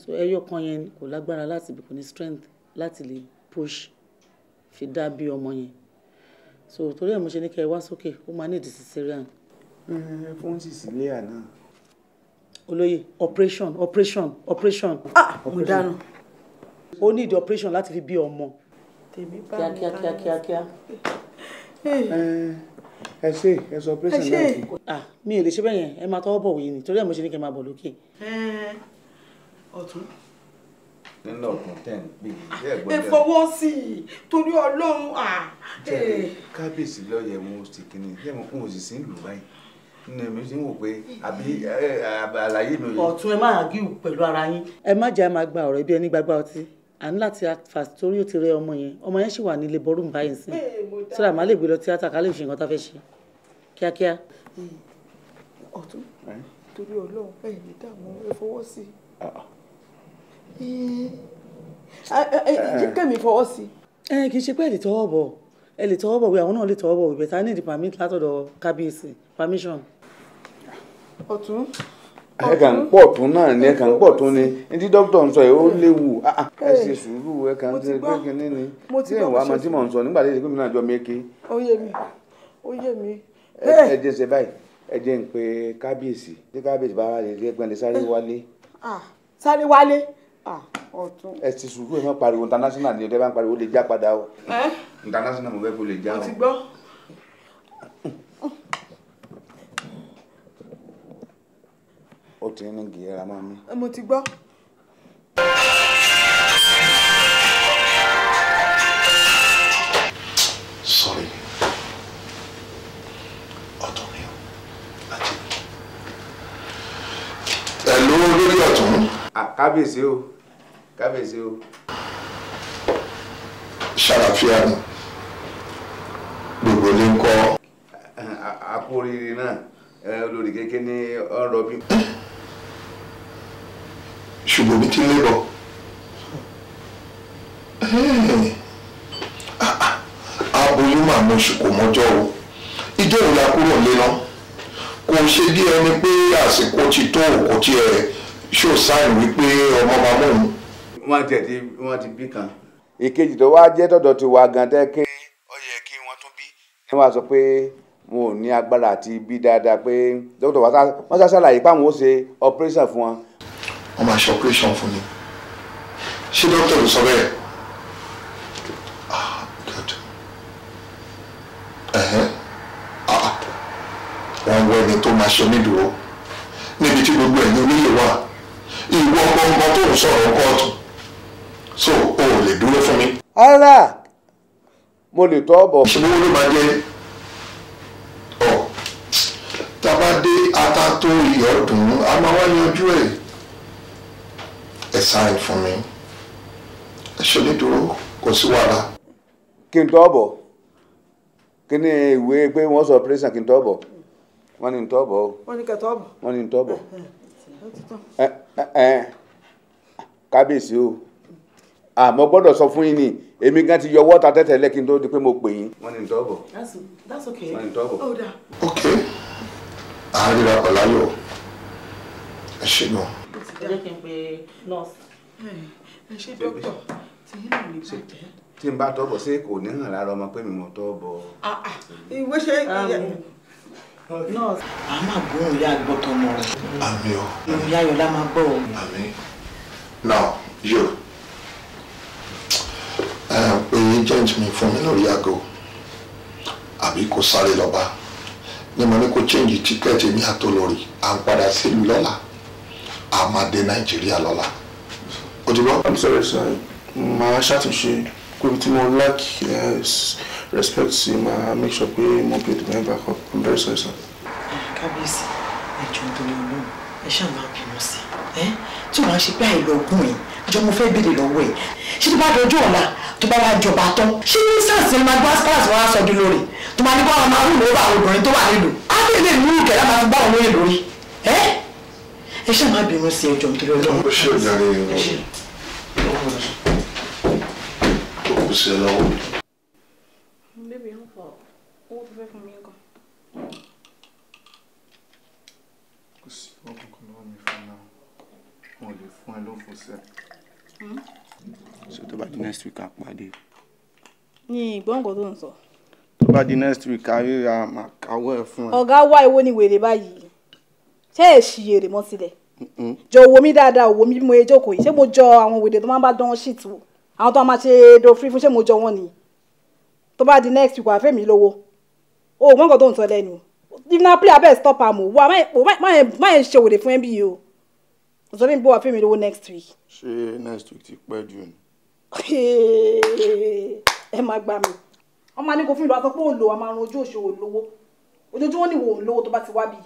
so ẹyọ kan yẹn kò lágbára láti kò ní strength láti lè push fi dá bí ọmọ yẹn so torí ẹ̀ mo ṣe ní kẹ́ ẹ wá sókè ó máa ní ìdí cesarean. fún cecilia operation operation operation. ah mo dáná ó ní ìdí operation láti fi bí ọmọ. tèmi bá mi kíá kíá kíá kíá. Eh, ẹ ṣe ẹ sọ operation náà sí. ah mi ò lè ṣe bẹ́ẹ̀ yẹn ẹ máa tọwọ́ bọ̀wé ni torí ẹ̀ mo ṣe ní kí n máa bọ̀ lókè. Eh, ọ̀tún nínú ọkùn tẹ̀ ń gbé ilé ẹ̀gbọ́n ẹ fọwọ́ sí i torí ọlọ́run à. Ah, eh. kábíyèsí lọ́ọ̀yẹ̀ wọn ò sì kíni ilé ẹ̀wọ̀n kún òsì sí ìlú báyìí nínú èmi ti ń wò pé àbí àlàyé mi ò yẹ. ọ̀tún ẹ máa gíw pẹ̀lú ara yín. ẹ má jẹ́ máa gba ọ̀rọ̀ ibi ẹni gbagba ọtí à ń láti fast torí ó ti rẹ ọmọ yẹn ọmọ yẹn sì wà ní labour room báyìí sí so that màá lè gbé lọ tíátà ká lè fi nǹkan tá a fẹ́ ṣe kíákíá. ọ̀tún torí ọlọ́run ẹ̀ ní dààmú ẹ fọwọ́ sí i ah, ah. Eh. kẹ́mi fọwọ́ sí i. ẹ kì í ṣe pé ẹ lè tọwọ́ bọ̀ ẹ lè tọwọ́ bọ̀ wí àwọn náà lè tọwọ́ bọ̀ wí bẹ̀tà ní ìdí permit látọ̀dọ̀ kábíyèsí permission. ọ̀tún. ẹ kà ń pọ̀ tún náà ni ẹ ń pọ̀ tún ni ní dókítà ń sọ yìí ó léwu ah, ah, ẹ ṣe sùúrù ẹ kà ń ṣe pé tí máa tí mò ń sọ nígbà tí meke. ó yé mi ó mi. ẹ jẹ́ ṣe báyìí ẹ jẹ́ ń pe kábíyèsí tí kábíyèsí bá wà lè rí ẹgbẹ́ ní sáré wálé. sáré wálé ẹ ti sùúrù ẹ pariwo international ni bá ń pariwo lè já padà o international mo fẹ́ lè já o. mo ti gbọ́ ó ti ní gìyàrá mọ́ mi. mo ti gbọ́. sorry ọ̀tún ni o àti. ẹ ló lórí kábíyèsí o kábíyèsí o. ṣàlàfíà ni gbogbo ní kọ́. àkóríire náà olórí kékeré ní ọ̀rọ̀ bí ṣùgbọ́n mi ti lébọ̀ eh, aboyún mà mú oṣù kò mọ́jọ́ o ìjọ òun la kúrò léná kò ṣe bí ẹni pé àsìkò ti tó kò tiẹ̀ ṣó sáìn wípé ọmọ máa mú un. wọ́n ti ti wọ́n ti bí kan. ìkejì tó wá jẹ́ tọ̀dọ̀ ti wà gan tẹ́ pé ó yẹ kí wọ́n tún bí. wọ́n wá sọ pé wọn ò ní agbára àti bí dáadáa pé dókítà wọ́n ṣàṣàlàyé pé àwọn ó ṣe operation fún wọn wọ́n máa ṣe operation fún mi ṣé dókítà ló sọ bẹ́ẹ̀ ah god ẹ̀hẹ́n ah wọ́n wọ ẹni tó máa ṣe onídùúró níbi tí gbogbo ẹ̀yin onílé wà ìwọ gbọ̀ngàn tó ń sọ̀rọ̀ kóòtù so o ò lè dúró fún mi. ara mo lè tọ́ bọ̀. ṣùgbọ́n ló máa jẹ́ tá a bá dé ata tó iyọ̀ a máa wá yanjú ẹ̀ ẹ sáyìn fún mi ẹ ṣe nídúró kò sí wàhálà. kí n tọ́ bọ̀ kí ni ìwé pé wọ́n sọ pírẹ́sàn kí n tọ́ bọ̀ wọ́n ní n tọ́ bọ̀ o wọ́n ní n tọ́ bọ̀ ẹ ẹ kábíyèsí o àmọ́ gbọ́dọ̀ sọ fún yín ni èmi gan ti yọ wọ́ta tẹ́tẹ̀ lẹ́kìn tó di pé mo pè yín. wọ́n ní n tọ́ bọ̀ wọ́n ní n tọ́ bọ̀. ok àárẹ̀ ọ̀la yóò ẹ ṣe náà ẹ jẹ́ kí n pe nọ́ọ̀sì. ẹ ṣe dókítà tí yín náà lè bàjẹ́ tí n bá tọ́ bọ̀ ṣé kò ní hàn lára ọmọ pé mi mọ̀ tọ́ bọ̀. Ah, ah. ìwé ṣe um, nọ́ọ̀sì. a máa gbọ́ ìyá àgbọ̀ tọmọ rẹ̀. àmì o. ìyá ayọ̀lá máa gbọ́ ọ. àmì now yo èyí jẹ́ǹtì mi fún mi lórí aago àbí kò sáré lọ́ba ni mo ní kó change tíkẹ́ẹ̀tì mi àtọ́ lórí à ń padà sílùú lọ́la a máa dé nàìjíríà lọ́la ó ti bọ́. i'm sorry sir màá ṣàtúnṣe pé tí mo lack respect sí màá make sure pé mo pay the man back up i'm very sorry sir. kábíyèsí ẹjọ́ nítorí olóhùn ẹ ṣáà máa bímọ sí i tí wàá ṣe pé àìlọ́gùn yìí jọ mo fẹ́ béèrè lọ́wọ́ ẹ̀ ṣé tó bá dọjọ́ ọ̀la tó bá wá jọba tán ṣé ní sars ni máa gbásípàs wá sọ di lórí tó máa ní bá wọn máa rúlò ó obìnrin tó wà nílùú á lè lè ìkẹ́lá máa fi bá wọn lóye lórí ẹ́ ẹ ṣáà má bínú sí ẹjọ́ nítorí Ọlọ́run. ó ṣe ìdarí ìrọ̀rùn tó kù sí ẹ lọ́wọ́. bébì ń fọ owó tó fẹ́ fún mi nǹkan. kò sí owó kankan lọ́wọ́ mi fún náà wọn ò lè fún ẹ lófo sẹ́. so tó bá di next week a pàdé. ní ìgbọ́ǹkan tó ń sọ. tó bá di next week a ríra màkàwọ́ ẹ̀ fún ẹ. ọ̀gá wá ìwọ ni wèrè báyìí ṣé èsì èrè mọ́ sílẹ̀ jọ wo mi dáadáa wo mi bí mo yẹ jókòó yìí ṣé mo jọ àwọn wèdè tó máa ń bá dán shit wò àwọn tó máa ṣe do free fún ṣé mo jọ wọn nìyí tó bá di next week wà fẹ́ mi lówó o ò mọ nǹkan tó ń sọ lẹ́nu if na play abeg stop am o wa má yẹn ṣe wèrè fún ẹ bí o sọ fún mi bó wà fẹ́ mi lówó next week. ṣé next week ti pẹ́ jù ni. ẹ máa gbà mí ọmọ anìkò fún ìlú àtọ́pọ̀ òǹlò àmàrùn ojú òṣòwò lówó ojoojúmọ́ ni wò ń lówó tó bá ti wá bíi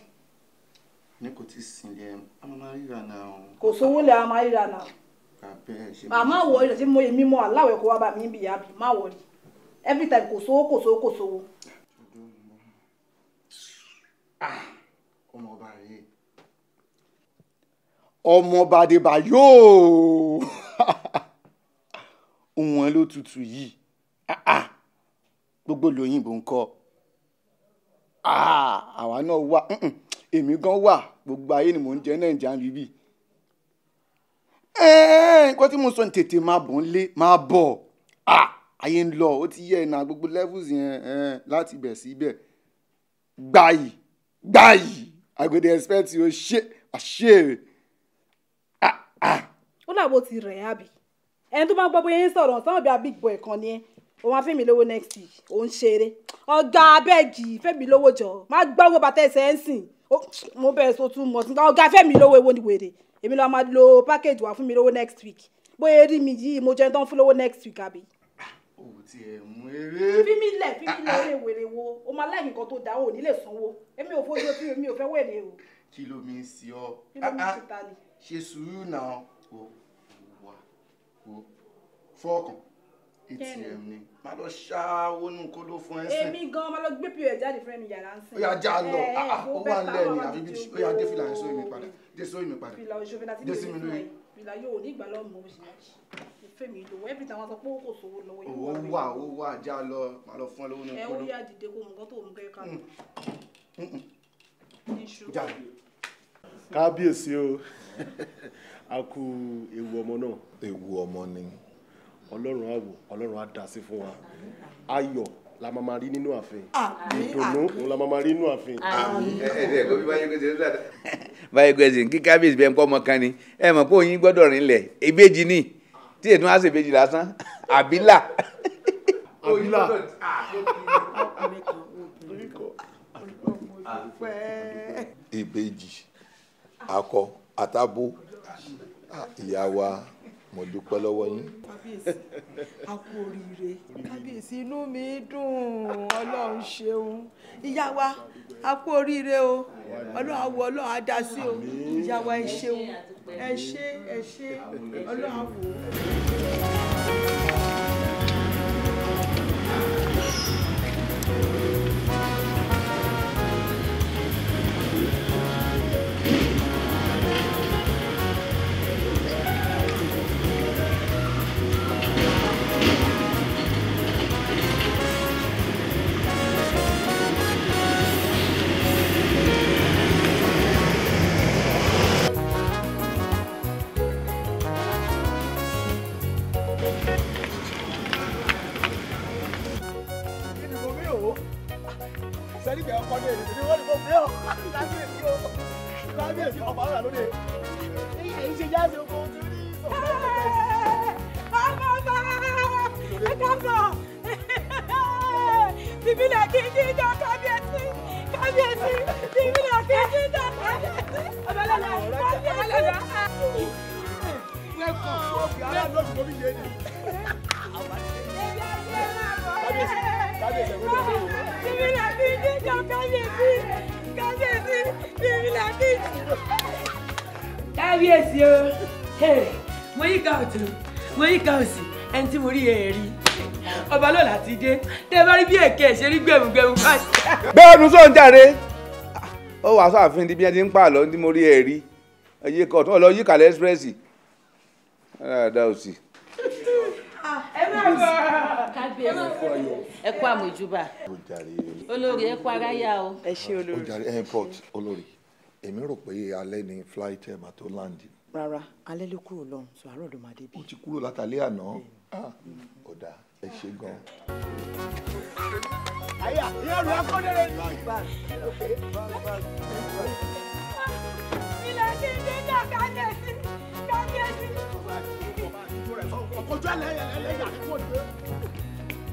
ní kò tí ì sílẹ̀ a máa ríra náà. kò sówó lẹ̀ a máa ríra náà. màmá wọ ilẹ̀ tí mo yẹ mímọ́ aláwẹ̀ kó wá bá mi bìyà bí má wọ̀ rí every time kò sówó kò sówó kò sówó. Ah, ọmọọba àdèbà yóò òun ló tutù yìí ah, ah. gbogbo lóyìnbó ń kọ àwa náà wà èmi gan wà gbogbo ayé ni mò ń jẹ nàìjíríà bíbí nǹkan tí mo sọ ní tètè máa bọ̀ ń lé máa bọ̀ ayé ń lọ ó ti yẹ ẹ̀nà gbogbo levels yẹn láti ibẹ̀ sí ibẹ̀ gbayì gbayì i go dey expect you ṣe àṣe. ó làwọn ti rẹ̀ ẹ́ àbí ẹni tó bá ń gbọ́ bóyá ń sọ̀rọ̀ sọ́wọ́n bí big boy kan ni ẹ́ òun á fẹ́mi lówó next week òun ṣeré ọ̀gá abẹ́ẹ̀gì fẹ́mi lówó jọ má gbọ́ owó bàtà ẹsẹ̀ ẹ̀ ń sìn mo bẹ̀rẹ̀ sọ tún mọ̀ sí ọ̀gá fẹ́ mi lówó ewo ni wèrè èmi lọ́ọ́ máa lo package wá fún mi lówó next week bóyá rí mi yìí mo jẹun tán fún lówó next week àbí. Ah, o ti ẹ̀ mú eré. fi mi lẹ̀ fi mi lẹ̀ eré wèrè wo o máa láyìn nǹkan tó dáa o ò ní lè sanwó èmi ò fojú ojú mi ò fẹ́ wẹ̀rẹ̀ o. kí ló mi ń sí ọ ah, ah. ṣe sùúrù náà o wà o fọ́ọ̀kàn atm ni máa lọ ṣáwó nù kó ló fún ẹ sìn. èmi gan máa lọ gbé pọ̀ jáde fún ẹni yàrá ń sìn. ó yà já lọ ah, ah, ó wà ń lẹ́ẹ̀ni àfi bí ó yà dé fìlà sóyún mi padà dé sóyún mi padà dé sí mi lóyún. fìlà yóò ní ìgbà lọ́mọ oṣù méjì ìfẹ́ mi lówó ẹ̀bí táwọn sọ pé ó kò sówó lọ́wọ́ yìí. owó wà owó wà já lọ máa lọ fún ẹ lówó nù kó ló. ẹ ó dìde kó mú kọ́tò mú ọlọ́run á wò ọlọ́run á dá sí fún wa ayọ̀ la máa ma rí nínú ààfin ìdùnnú òun la máa ma rí nínú ààfin. ẹ ẹ ẹ kò bí báyìí gbèsè ń sàdá. báyìí gbèsè kí kábíyèsí bẹ́ẹ̀ ń kọ́ ọmọ kan ni ẹ mọ̀ pé òyìn gbọ́dọ̀ rinlẹ̀ ìbejì ni tí ètò á ìbejì lásán àbílà. àbílà ah, ìbejì akọ àtàbó ìyá wa mo dúpẹ́ lọ́wọ́ yín. a kú oríire kábíyèsí inú mi dùn ọlọ́run ṣeun ìyá wa a kú oríire o ọlọ́run àwọ ọlọ́run á sí o ìyá wa ẹ ṣeun ẹ ṣe ẹ ṣe ọlọ́run àwọ. jàre ó wàá sọ àfihàn ibi ẹni ń pa àlọ́ ní mo rí ẹ rí ẹyẹ kọ tó lọ yí kàlẹ́ express dáadáa ò sí. ẹ àmójúbà olórí ẹ aráyà o. ẹ ṣé olórí. ojàre airport olórí èmi rò pé alẹ́ ni flight ẹ̀ máa tó land. rárá alẹ́ ló kúrò lọ́hùn-ún sọ àárọ̀ ló máa débi. ó ti kúrò látàlẹ́ àná ẹ ṣe gan. àyà ìyá rẹ̀ akọ́dẹ̀rẹ̀ ní ìgbà. ilé ti dé dà kábíyèsí kábíyèsí. ọkọjọ ẹlẹyà ẹlẹyà ni kò dé.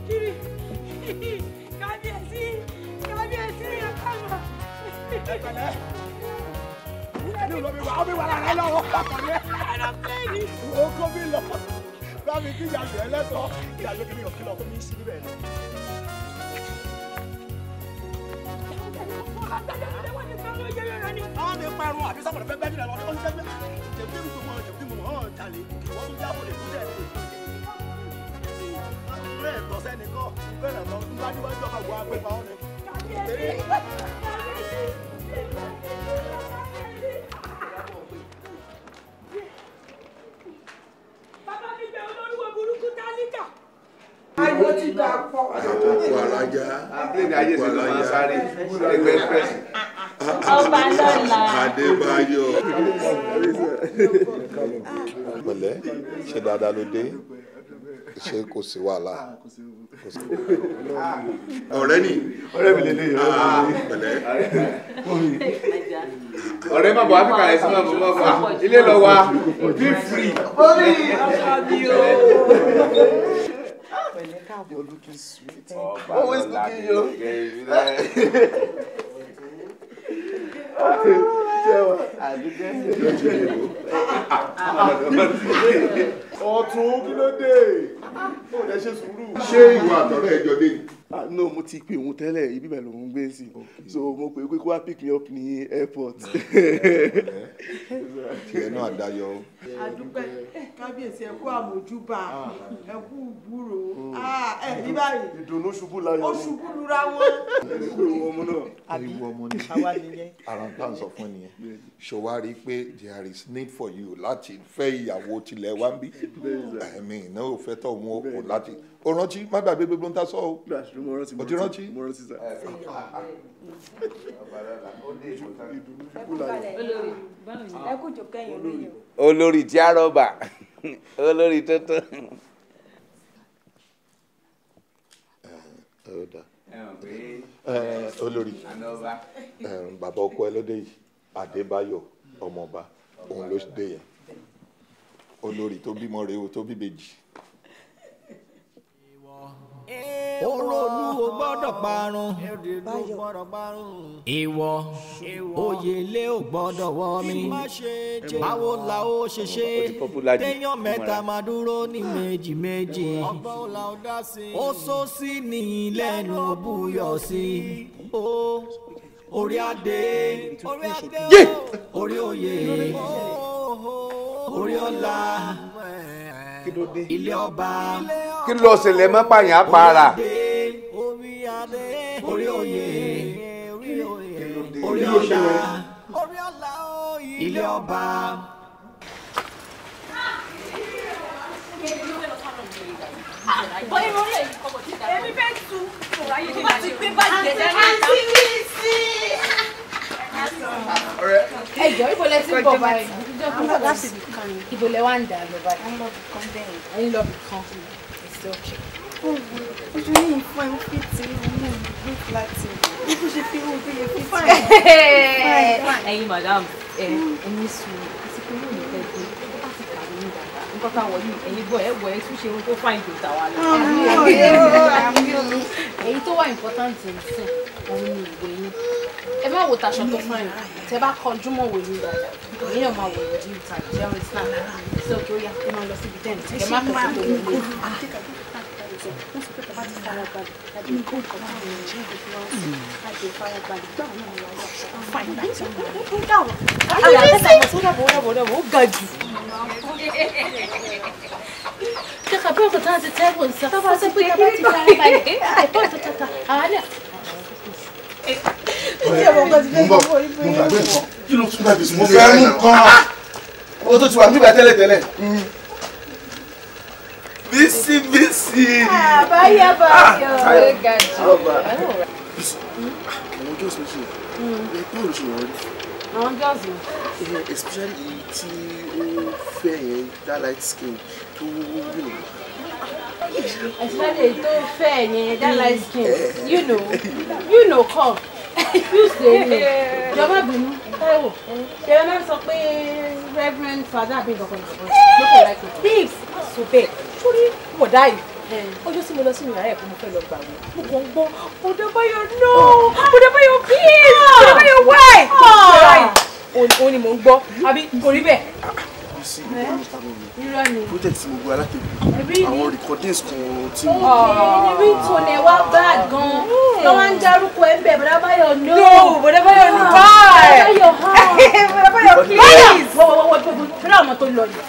kiri kábíyèsí kábíyèsí ẹ kàmọ. ẹ pẹ̀lẹ́ ní olómi wa omi wà lára lọ́wọ́ kàkọ́ ní. ẹ̀rọ pé ní. o kò bí lọ bá mi kí ìyá lẹ́tọ̀ọ́ ìyá yẹn kìíní ọ̀kìlọ̀ kó mi sí níbẹ̀ ni. àwọn mi parun àbí sọ́kùnrin fẹ́ bẹ́ẹ̀ nílẹ̀ ọdún jẹ́gbẹ́ jẹ̀bi mi tó mọ jẹ̀bi mi mọ̀ jalè wọ́n tún jábọ̀ lè dúdẹ̀ ní ìlú rẹ̀ nìkan bẹ́ẹ̀ lọ́dún wájú wájú ọmọ ìwà agbẹ́fà pléènì ayé ṣe lọ máa sáré ẹgbẹ́ express. ọba lọ́la. adébáyọ̀. pẹ̀lẹ́ ṣe dáadáa ló dé ṣe kò sí wàhálà. ọ̀rẹ́ ni. ọ̀rẹ́ mi lè lè yọrọ mi. Ah, pẹ̀lẹ́. ọ̀rẹ́ mọ̀bọ̀ áfíríkà ẹ̀ sí mọ̀bọ̀ mọ̀bọ̀ ilé lọ wa be free. orí ọkọ mi o. You're looking sweet. Ọba Always looking young. Ọ̀tún kí ló dé? Ó lè ṣe sùúrù. Ṣé ìwà àtọ̀rẹ́ ẹjọ́ dé Ah, no mo ti pe òun tẹ́lẹ̀ ibi bẹ̀rẹ̀ lòun gbé sí so mo pe pé kó wá pick me up ní airport. tiẹ̀ náà dayọ̀ o. àdúpẹ́ kábíyèsí ẹ̀kú àmójúbà ah. ẹ̀kú gbúrò hmm. ah, ẹ̀ ní báyìí. ìdùnnú ṣubú láyọ̀ ó ṣubú lura wọn. ìwọ ọmọ náà. àbí àwa nìyẹn. àràǹtà ń sọ fún nìyẹn ṣòwárí pé there is need for you láti fẹ́ ìyàwó tilẹ̀ wá ń bí ẹ̀mí náà ò fẹ́ tọ̀ wọn kò láti o rántí má gbàgbé gbogbo ń ta sọ o o ti rántí. olórí tí a rọba olórí tuntun. olórí bàbá ọkọ ẹ lóde yìí Adébáyọ̀ ọmọọba òun ló dé yẹn olórí tó bímọ rèé o tó bí bèjì oróòlù ò gbọ́dọ̀ parun ìwọ òyèlé ò gbọ́dọ̀ wọ mi báwo la ó ṣe ṣe téèyàn mẹ́ta máa dúró ní méjì méjì ó sọ sí ní lẹ́nu búyọ̀ sí ó orí adé orí oyè orí ọlá ilé ọba kí ló ṣẹlẹ̀ mọ́ pààyàn apara. orí oyè orí ọ̀la orí ọ̀la ilé ọba. ibo lẹ ti bọ báyìí lọ báyìí ẹ ń lọ bìkan ṣe ọkẹ òwò ojú ní ìfọ ẹ ń fi ti ọmọ mi gbé láti ní kó ṣe fi owó tó yẹ fi fáìn fáìn. ẹ̀yin madam ẹ̀yin sùn àsìkò yóò ní fẹ́ gbé láti kàwé ní dàda nǹkan táwọn yìí ẹ̀yin gbọ́ ẹ̀ gbọ́ ẹ̀ tún ṣe ohun tó fáìn tó tà wá lọ. èyí tó wà important ní sìn òun ni ìwé yín ẹ má wo taṣọ tó fún ẹ̀yìn tẹ bá kọjú mọ́ wòye dáadáa èèyàn máa wòye ju ìta ìjẹun snack sí òkè ó yá ẹ máa lọ síbi tẹ́ǹtì ẹ má fẹ́ fún mi wòye. Kaka bẹ́ẹ̀ kò tán ti tẹ́gùn sí. Tọ́ba ti pé tọ́ba ti gbára báyìí. Àìpọ́ ìtọ́ta àwọn àlẹ́ mo fẹ́ mú kan o tó ti wà nígbà tẹ́lẹ̀ tẹ́lẹ̀. Mm. bísí bísí. àbáyọ ah, báyọ ah, mm. àwọn girls mi ṣe mm. ẹ pé òun ṣe wọn rí. àwọn girls eh, especially tí ó fẹ́ yẹn that light skin tó wúwo yìí especially don't fear, yẹn that mm. light skin you know you know come you say me jọba bínú Oh, ṣe máa ń sọ pé reverend father àbí ìdọ̀kan ìdọ̀kan ló kọ̀ láìpẹ́. babes so bẹ́ẹ̀ sórí wọ̀dá yìí ọjọ́ tí mo lọ sínú yàrá ẹ̀kọ́ mo fẹ́ lọ gbà wọ́n mo kàn ń gbọ́ Bọ̀dọ̀báyọ̀ no Bọ̀dọ̀báyọ̀ please Bọ̀dọ̀báyọ̀ why. òun ni oh, ń gbọ́ àbí kò rí bẹ́ẹ̀ sí ìlú mr mami project tí mo gbé alátẹ̀kù àwọn recordings kan tí mo. níbi ìtòlẹ̀ wá bad gan ló máa ń dárúkọ ẹ bẹ̀ bọ̀dá báyọ̀ no bọ̀dá báyọ̀ no bọ̀dá báyọ̀ please. fúnra ọmọ tó lọ yìí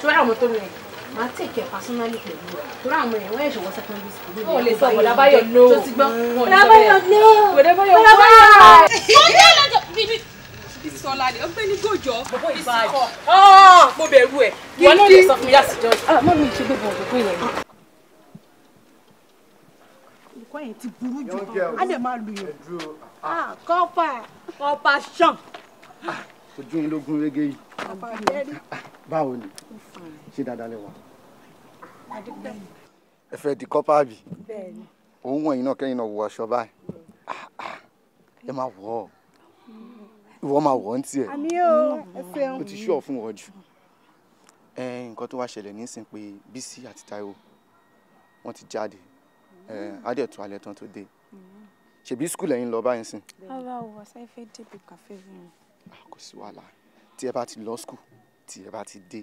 fúnra ọmọ tó lọ yìí máa tẹ̀kẹ̀ personally pẹ̀lú rẹ̀ torí àwọn èèyàn wọ́n ẹ̀ṣọ́ wọ́n secondary school lónìí. wọ́n lè sọ bọ̀dá báyọ̀ no bọ̀dá báyọ̀ no bọ̀dá báyọ̀ no. Bísọ́lá ni ọ̀gbẹ́ni gòjọ́ Bísọ́lá. mo bẹ̀rù ẹ̀ kí wọ́n lè sọ fún mi láti jọ́jú. mọ́ mi ṣe gbogbo ọ̀gbọ̀n yẹn. olùkọ́ yẹn ti burú jù á lè máa lu yẹn. kọ́pà kọ́pà ṣàn. ojú yín ló gún régé yìí ah, báwo ni ṣé dáadáa lẹ wà. ẹ fẹ́ di kọ́pà àbí òun wọ̀nyí náà kẹ́yìn náà wọ aṣọ báyìí ah, ah, ẹ máa wọ̀ ọ́. Mm ìwọ máa wọ̀ ọ́n tiẹ̀ ó ti ṣúọ̀ fún wọn jù nǹkan tó wá ṣẹlẹ̀ nísìn pé Bísí àti Táíwò wọ́n ti jáde adẹ̀tú alẹ́ tán tó dé ṣèbí skul ẹ̀yin lọ báyìí sìn. rárá o wà sáyé fẹ́ débi kàfé rìn. kò sí wàhálà tí ẹ bá ti lọ skul tí ẹ bá ti dé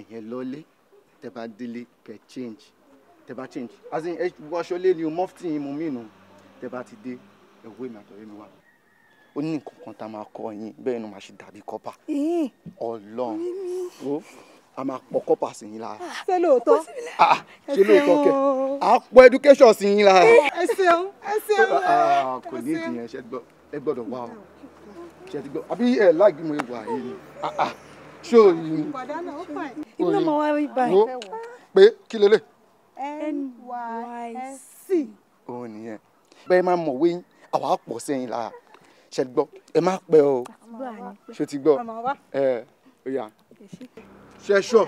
ẹ̀yẹn lọ́lé tẹ bá délé kẹ change tẹ bá change as in ẹ wọṣọ lé ni o mọ́fìtì yín mú mí nù tẹ bá ti dé ẹ̀wọ́ èmi àtọ̀rẹ́ mi wà ó ní nǹkan kan tá a máa kọ yín bẹ́ẹ̀ ni màá ṣe dàbí kọ́pà ọlọ́run ó a máa pọ kọ́pà sí yín lára. Ah, ṣé lóòótọ́ ah, ṣé lóòótọ́ kẹ a pọ education sí yín lára. ẹ ṣeun ẹ ṣeun. Ah, kò ní ìdí yẹn ẹ gbọ́dọ̀ wá o ṣe ti gbọ́ àbí ẹ láì bí mo wà yìí ni ṣé o yìí ni. iná máa wá rí báyìí. pé kí lélẹ̀. nysc. òun nìyẹn bẹ́ẹ̀ máa mọ̀ wé àwa pọ̀ sẹ́yìn lára ṣe gbọ́ ẹ má pẹ́ o ṣe ti gbọ́ ẹ ó yá ṣe ṣọ́.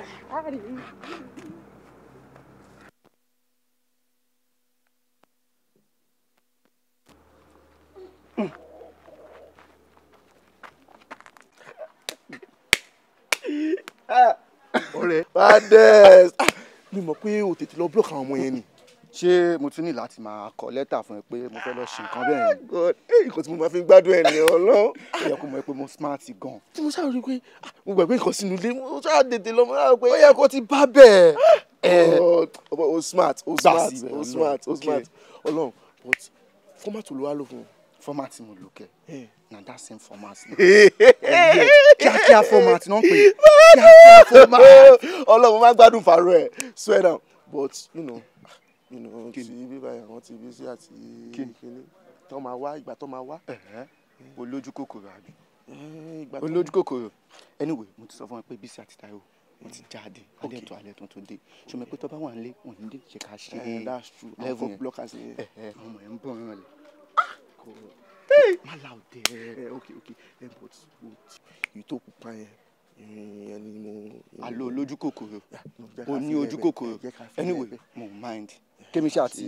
ọ̀rẹ́ bá dẹ́ẹ̀ ni mo pé o tètè lọ búlọ̀kì ọmọ yẹn ni ṣé mo tún ní láti máa kọ lẹ́tà fún ẹ pé mo fẹ́ lọ ṣe nǹkan bẹ́ẹ̀ ni. Ah, god èyí kò tí mo máa fi gbádùn ẹ ní ọlọ́run. ó yẹ kó mọ̀ pé mo smart gan. tí mo ṣáà rí i pé ah, mo gbàgbé nǹkan sínú ilé mo ṣáà tètè lọ mo ṣáà pé ó yẹ kó ti bá bẹ́ẹ̀. Ah, eh. ọ̀bọ̀ o smart o smart o smart o smart ọlọ́run but fọ́màtì ló wá lò fún un. fọ́màtì mo lò kẹ́ eh. na that same format. Eh, kíákíá format náà pè é kíákíá format. ọlọ́run mo máa gbádùn fàárọ̀ ẹ̀ swear down but you know nínú ti bíbá àwọn ti bí sí àti kíni tó máa wá ìgbà tó máa wá. olójú kòkòrò àbí olójú kòkòrò anyway mo ti sọ fún wọn pé Bísí àti Táíwò wọn ti jáde alẹ́ tó alẹ́ tó tó dé ṣùgbọ́n pé tó bá wà nílé wọn ní lè ṣe ká ṣe level yẹn blockers yẹn ọmọ yẹn ń bọ̀ ọ̀ràn lẹ̀ má la ẹ ok ok ẹ bọ̀ tí o ti yìí tó pupa yẹn ìyẹn mo. alo olójú kòkòrò o ní ojú kòkòrò anyway mo mind kémiṣẹ àti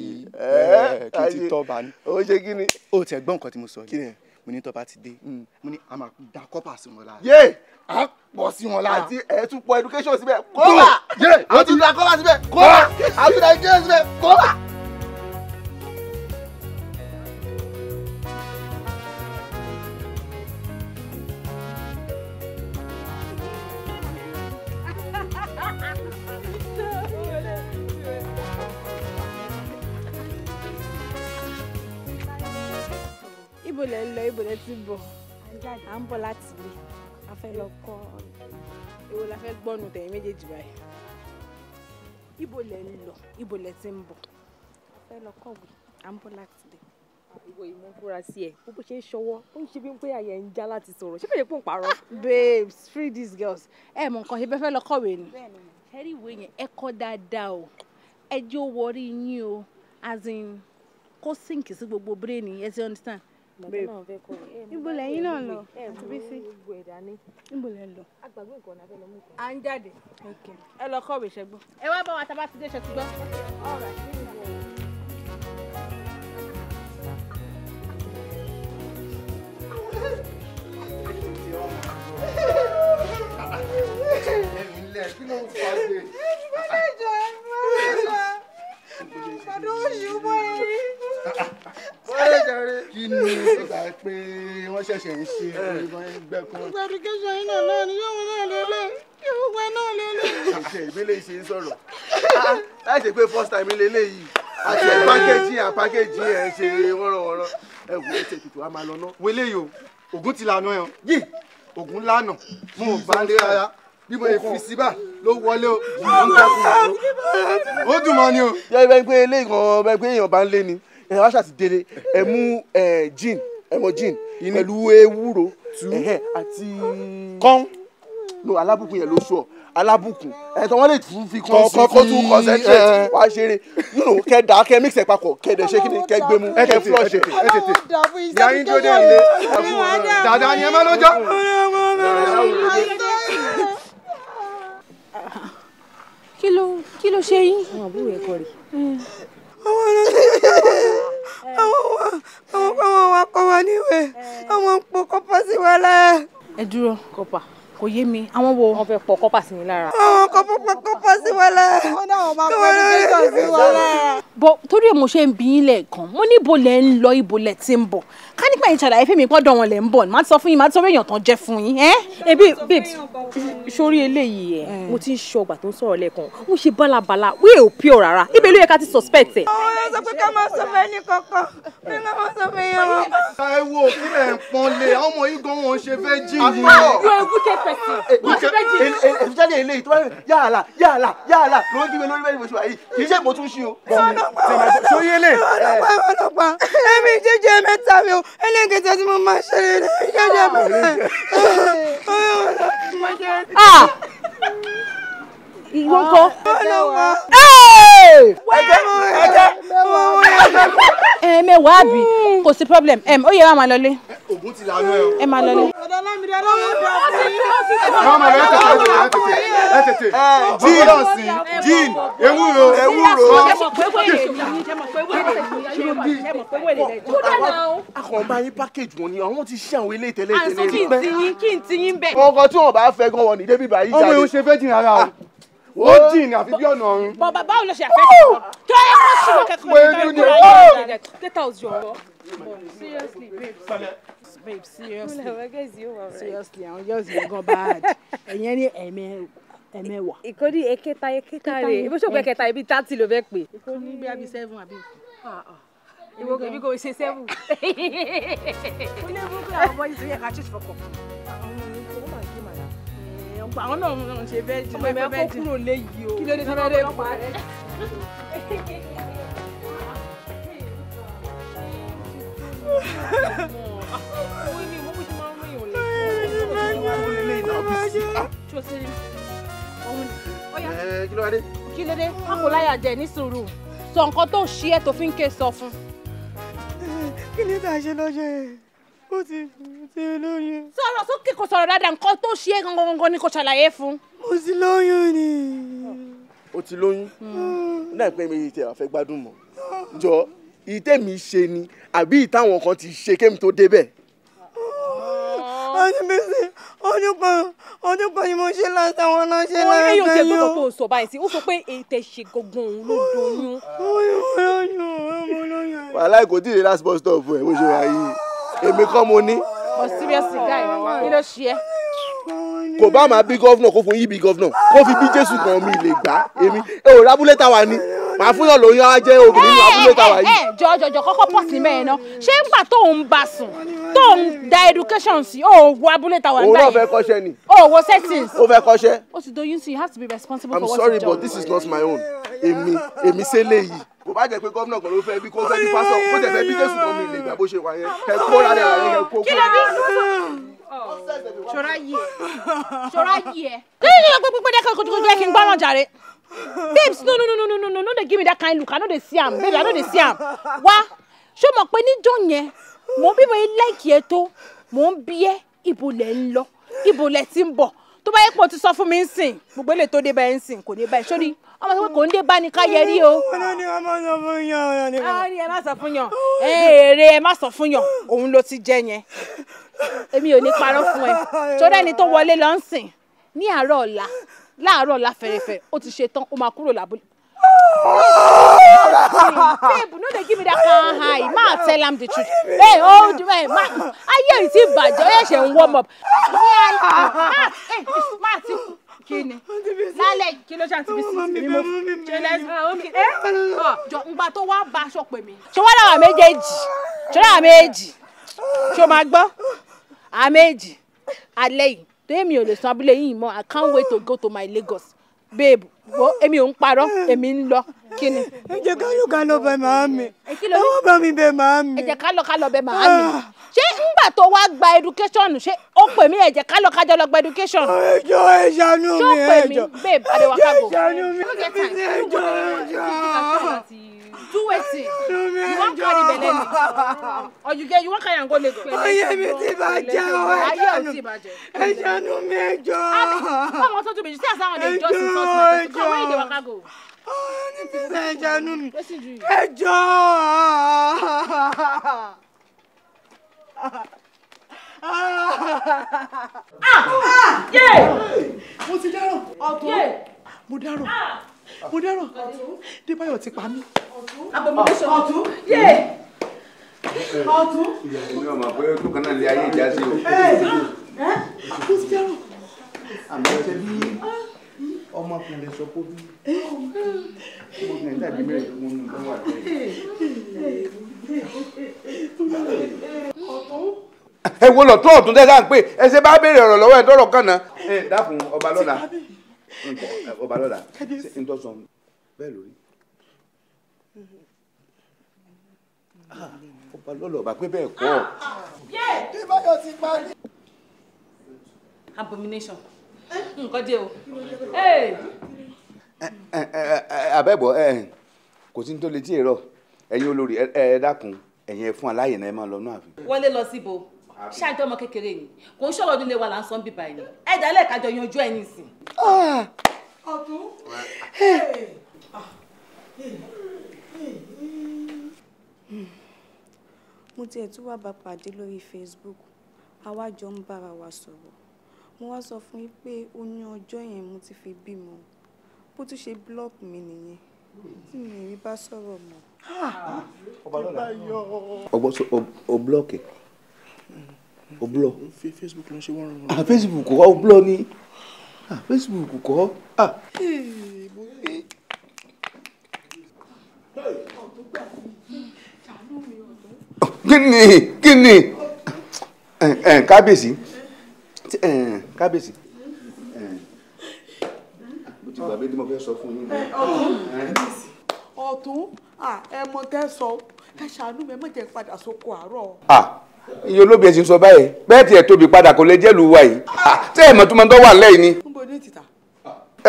kí n ti tọba ni. o ṣe kí ni. o tẹ gbọ́ nǹkan tí mo sọ yìí mo ní tọba ti dé hmm. mo ní a máa da kọ́pà sí wọn lára. yé a pọ̀ sí wọn lára. àti ẹ̀ tún pọ̀ education síbẹ̀ kọ́pà. yé da kọ́pà síbẹ̀ kọ́pà. a da education síbẹ̀ kọ́pà. ti bọ̀ à ń bọ̀ láti ilé a fẹ́ lọ kọ́ èwo la fẹ́ gbọ́nu tẹ̀yìn méjèèjì báyìí ibo lẹ̀ ń lọ ibo lẹ̀ ti ń bọ̀ a fẹ́ lọ kọ̀wé à ń bọ̀ láti ilé. ìwọ ìmọ̀ fúra sí ẹ bó ṣe ń ṣọwọ́ ó ń ṣe bí pé àyẹ̀ ń já láti sọ̀rọ̀ ṣé fẹ́ẹ́ pò ń parọ́. Ah! babes free these girls ẹ mọ nǹkan ṣe bẹ́ẹ̀ fẹ́ lọ kọ̀wé ni. ẹ rí ìwé yẹn ẹ kọ́ dáadáa o ẹ jẹ́ ó wọrí yín o as in kó sínkì sí gbogbo brain yẹn ẹ ti understand babe ibo eh, lẹ́yìn náà lọ eh, Bísí ibo lẹ lọ. à ń jáde ẹ lọ kọ̀wé ṣẹ́gbọ́n. ẹ wá bá wa tá a bá ti dé ṣe ti gbọ́. Ìjọba ìjọba ìjọba kí ni ìgbà pé wọ́n ṣẹ̀ṣẹ̀ ń ṣe eh. gbẹ̀kún. verification iná náà ni yóò wọ́n náà lélẹ̀ yóò wọ́n náà lélẹ̀. ṣe ìbílẹ̀ ìṣe ń sọ̀rọ̀ láì ṣe pé first time lélẹ̀ yìí àti pákéjì àpákéjì ẹ̀ ṣe wọ́rọ̀wọ́rọ̀ ẹ̀ wò ó ṣe tutù a máa lọ ná. wẹ́lẹ̀ yìí o ògùn ti lànà ẹ̀ yìí ògùn lànà mo ò bá lé rárá bí mo fi síbà ló wọlé o. ó dùn mọ́ ni o. yẹ bẹ́ẹ̀ pé eléyìí kan bẹ́ẹ̀ pé èèyàn bá ń lé ni ẹ wá ṣàti délé ẹ mú gin ẹ mọ gin pẹ̀lú ewúro àti. kọ́n. no alábùkún yẹn ló sọ alábùkún ẹ tọ́ wọ́n lè tún fi kọ́ sí kọ́ tún concentrate wá ṣeré nínú kẹ dà kẹ mix ẹ papọ̀ kẹ dẹ̀ ṣe kíni kẹ gbé mu kẹ flush ẹ. ẹ tètè ìyá yín dúró dé ilé dàda ni ẹ má lọ́jọ́. kí ló kí ló ṣe yín. àwọn àbúrò ẹ kọ rè àwọn wa àwọn wa kọ́ wa níwèé àwọn ń po kọ́pà sí wa lẹ́. ẹ dúró kọ́pà kò yé mi àwọn wo. wọn fẹ́ pọ kọpà sí mi lára. àwọn kan fún pọ kọpà sí wa lára. wọn náà máa pọ kọpà sí wa lára. bọ torí ẹ mo ṣe ń bí yín lẹ́ẹ̀kan mo ní ibo lẹ ń lọ ibo lẹ ti ń bọ̀ ká nípa yín ṣàlàyé fún mi pọ́dọ̀ wọn lẹ ń bọ̀ má sọ fún yín má sọ fún èèyàn tán jẹ́ fún yín. ebi babes sórí eléyìí ẹ mo ti ń ṣe ọgbà tó ń sọ̀rọ̀ lẹ́ẹ̀kan mo ṣe bálabàla wí ò pure rárá ibẹ̀ ló yẹ ká ti suspect ẹ. àwọn ọ̀rọ̀ sọ pé ká máa sọ fẹ́ ní kọ̀ọ̀kan pé ká máa sọ fẹ́ yẹn wọn. ẹ wo kílẹ̀ ń pọ́n lé ọmọ yìí gan person. Ah, wọ́n eh, ti bẹ́ẹ̀ jì. especially eléyìí tó bá yẹ yàrá yàrá yàrá ló ń jíwe lórí bẹ́ẹ̀ ìbòsùn àyè kì í ṣe mo tún ṣí o. sóyélè. ọlọ́pàá ọlọ́pàá èmi jíjẹ mẹ́ta mi o ẹlẹ́gẹ̀ta tí mo máa ṣe rẹ̀ jíjẹ ah. mẹ́ta. Ah. ìwọ kọ. ọlọ́pàá. ẹ̀jẹ̀ ẹ̀jẹ̀ ẹ̀ẹ́mẹ̀wá àbí kò sí problem ó yẹ wá máa lọlé. ògùn ti làánú ẹ o. ẹ máa lọlé. Ọlámídé ọlọ́wọ́dọ̀ sí. ọmọ rẹ tètè ẹ tètè jíìn jíìn ewúro ewúro. akọ̀wọ́n bá yín package wọn ni àwọn ti ṣe àwọn ilé ìtẹ́lẹ̀ ìtẹ́lẹ̀ rí pẹ́. kí n ti yín bẹ́ẹ̀. ọkọ tí wọn bá fẹ́ gan wọn ní débi báyìí jáde. ọmọ ìhun ṣe fẹ́ jìn ara o ah. ó jìn ní àfi bí ọ̀nà ọ̀run. bọ bàbá ò lọ ṣe àfẹ́ kọ́ tó yẹ kó ṣùgbọ́n kẹ́kọ̀ọ́ ní ìtọ́jú ayé rẹ̀ get out your. seriously babe babe seriously seriously àwọn girls yẹn gan bad ẹ̀yẹn ní ẹ̀mẹ́ ẹ̀mẹ́wà. ìkọ́ni ẹ̀kẹta ẹ̀kẹta rẹ̀ bó ṣòkò ẹ̀kẹta ibi thirty ló fẹ́ pè. ìkọ́ni bí abi seven àbí. Ah, ah. ìwọ kò ibi kò ṣe seven. ó lé mú kí àwọn boys yẹ ká church eh, fọkàn. àwọn náà ń ṣe bẹ́ẹ̀ di ọmọ ẹ̀kọ́ kúrò léyìí o kí ló dé sábẹ́ rẹ̀ pa rẹ̀. Oh, kí ló dé má kò láyà jẹ ní sùúrù sọ nǹkan tó ṣí ẹ tó fi ń ké sọ fún. kí ni tá a ṣe lọ́jọ́ yẹn ó ti ti lóyún. sọ̀rọ̀ sókè kò sọ̀rọ̀ dáadáa nǹkan tó ṣe é gangan ni kò ṣàlàyé fún. mo ti lóyún ni. o ti lóyún náà hmm. pé mi ìtẹ̀ àfẹ́ gbádùn mọ́ jọ ìtẹ̀ mi ṣe ni àbí ìtàwọn kan ti ṣe kémi tó débẹ̀ ọdún bísí ọdún kan ọdún kan ni mo ṣe láti àwọn aláṣẹ láti ẹyọ. ọ̀rẹ́ yóò jẹ́ gbogbo pé o sọ báyìí sí ó sọ pé ètè ṣe gangan òun ló doyún. wàhálà kò tí ì rí last bus stop ẹ bó ṣe wà yìí èmi kọ́ mo ní. but seriously guy kí ló ṣe é kò bá máa bí gọ́fúnà kó fún yín bí gọ́fúnà kó fi bí jésù kan mi lè gbá èmi ẹ ò rábúlé táwa ni màá fún yàn lóyún á jẹ́ obìnrin nínú eh, abúlé tàwa eh, yìí. ẹ eh, jọ jọjọ kọ́kọ́ pọ̀ sí mẹ́ẹ̀ náà ṣé ń gbà tó ń bá sùn tó ń da education sí ó wo abúlé tàwa ń báyìí. òun náà fẹ́ kọ́ṣẹ́ ni. ó wo settings. ó fẹ́ kọ́ṣẹ́. ó ti doyún sí you have to be responsible I'm for what sorry, you do. I'm sorry but this is not my own èmi èmi ṣẹlẹ̀ yìí kò bá jẹ́ pé gómìnà kan ló fẹ́ bí kó fẹ́ bí pásọ kó tẹ̀ fẹ́ bí jésù kan mi lè gbà bó ṣe wà yẹn kẹ kó rárẹ rárẹ kẹ kó kó. kí ló dé ṣọ́ra yìí ṣọ́ra yìí ẹ. lẹ́yìn ìgbà pípẹ́ dẹ́kun kojú kojú ẹ kí n gbọ́ràn jàre babes no no no no no no no dey give me that kind look i no dey see am babe i no dey see am wá ṣé mo pé níjọ́ yẹn mo bí mo like ẹ tó mo ń bí ẹ ibo lẹ ń lọ ibo lẹ ti ń bọ̀ tó bá yẹ pé o ti sọ fún mi ń sìn gbogbo èlé tó dé bá ẹ ń sìn kò ní bá ẹ sórí ọmọ tó kò ń dé bá ní ká yẹ rí o. ọ̀nà ni ẹ má sọ fún yàn. ọ̀nà ẹ má sọ fún yàn èrè ẹ má sọ fún yàn òun ló ti jẹ yẹn èmi ò ní parọ́ fún ẹ sórí ẹni tó wọlé lọ ń sìn ní àárọ̀ ọ̀la láàárọ̀ láfẹ̀rẹ̀fẹ̀ ó ti ṣe tán ó máa kúrò lábúlé. babe no dey give me that kind high ma tell am the truth hey hold oh, me ma ayé ìtì ìbàjẹ́ ó yẹ ṣe ń warm up ma ti kíni lálẹ́ kí ló ṣàtìbí sí ni mo ṣẹlẹ̀ ẹ ah, eh? ah. oh, jọ ngbà tó wá bá aṣọ pè mí. ṣé wọ́n làwọn méjèèjì ṣé wọ́n làwọn méjèèjì ṣé o máa gbọ́ àméjì alẹ́ yìí tèmi ò lè san abúlé yìí mọ́ i can't wait to go to my Lagos babe wo èmi ò ń parọ́ èmi ń lọ kí ni. ẹ jẹ́ ká lọ ká lọ bẹ màá mi ẹ wọ́n bá mi bẹ màá mi. ẹ jẹ́ ká lọ ká lọ bẹ màá mi ah. ṣé ńgbà tó wá gba education ṣé ó pè mí ẹ jẹ́ ká lọ ká jọ lọ gba education. ẹ jọ̀ọ́ ẹ ṣàánú mi ẹ jọ̀ọ́ ṣé ó pè mí babe adéwàkàbò. ẹ jọ̀ọ́ ẹ ṣàánú mi ẹ jọ̀ọ́ ẹ jọ̀ọ́ do wetin you wan carry belle ni or you get you wan carry am go Lagos. oyè mi ti bàjẹ́ o ẹ ṣàánú mi ẹ jọ. abi ọmọ tó tún bẹ jù sí àṣà àwọn ọdẹ ìjọsìn tó tún bẹ jù kọ́wé ìdè wàkà go. ẹ ṣàánú mi ẹ jọ. ah ah yé. Ah, ah, mo ti dárò ọ̀tún mo dárò. Ah mo dáràn Débáyọ̀ ti pa mí. abomination ọ̀tún yé ọ̀tún. ìyàwó mi ọmọ pé tó kan náà lé ayé ìjà sí o. mo ti dáràn. àmọ́ ẹ ṣe bí ọmọkùnrin sọ pé bí ọmọkùnrin dàbí mẹ́rẹ̀ẹ́dógún ní ọmọ àti ọ̀tún ẹ wo lọ tó ọtún tẹ sáà ń pè ẹ ṣe bá béèrè ọ̀rọ̀ lọ́wọ́ ẹ tọrọ kànáà ẹ dákun ọba lọla ọba lọ́la ṣe ń tọ́ sọ bẹ́ẹ̀ lórí ọba ah, lọ́la ọba pé bẹ́ẹ̀ kọ́. ìbáyọ̀ ti parí. abomination nǹkan dé o abẹ́bọ̀ kò sí ní tó lè tí ì rọ ẹ̀yin olórí ẹ dákun ẹ̀yin ẹ fún aláyẹ̀ náà ẹ máa lọ náà. wọlé lọ síbo ṣáàjọ ọmọ kékeré ni kò ń ṣọ̀rọ̀ nílé wa là ń sọ bíbá ẹni ẹ̀dá lẹ́ẹ̀kájọ yanjú ah. ẹ̀ nísìn. ọ̀tún mo tiẹ̀ tún wá bá pàdé lórí Facebook àwa jọ ń bára wa sọ̀rọ̀ mo wá sọ fún yín pé oyún ọjọ́ yẹn mo ti fi bímọ bó tún ṣe búlọ́ọ̀kì mi nìyẹn tí mi rí bá sọ̀rọ̀ mọ́. Ah. ọgbọ́n o búlọ́ọ̀kì o blọ. facebook ló ń ṣe wọ́n rán ah, facebook kọ́ o blọ ni ah, facebook kọ́. Ah. kíni kíni eh, eh, kábíyèsí eh, kábíyèsí mo ti gbàgbé tí mo fẹ́ sọ fún yín. ọ̀tún ẹ mọ̀ tẹ́ sọ ẹ ṣàánú mi ẹ mọ̀ jẹ́ padà sóko àárọ̀ iye olóbi ẹ̀sìn sọ báyìí bẹ́ẹ̀ tiẹ̀ tóbi padà kò lè jẹ́lu wa yìí tẹ́ ah, ẹ̀ mọ̀ tó máa ń wà lẹ́yìn ni.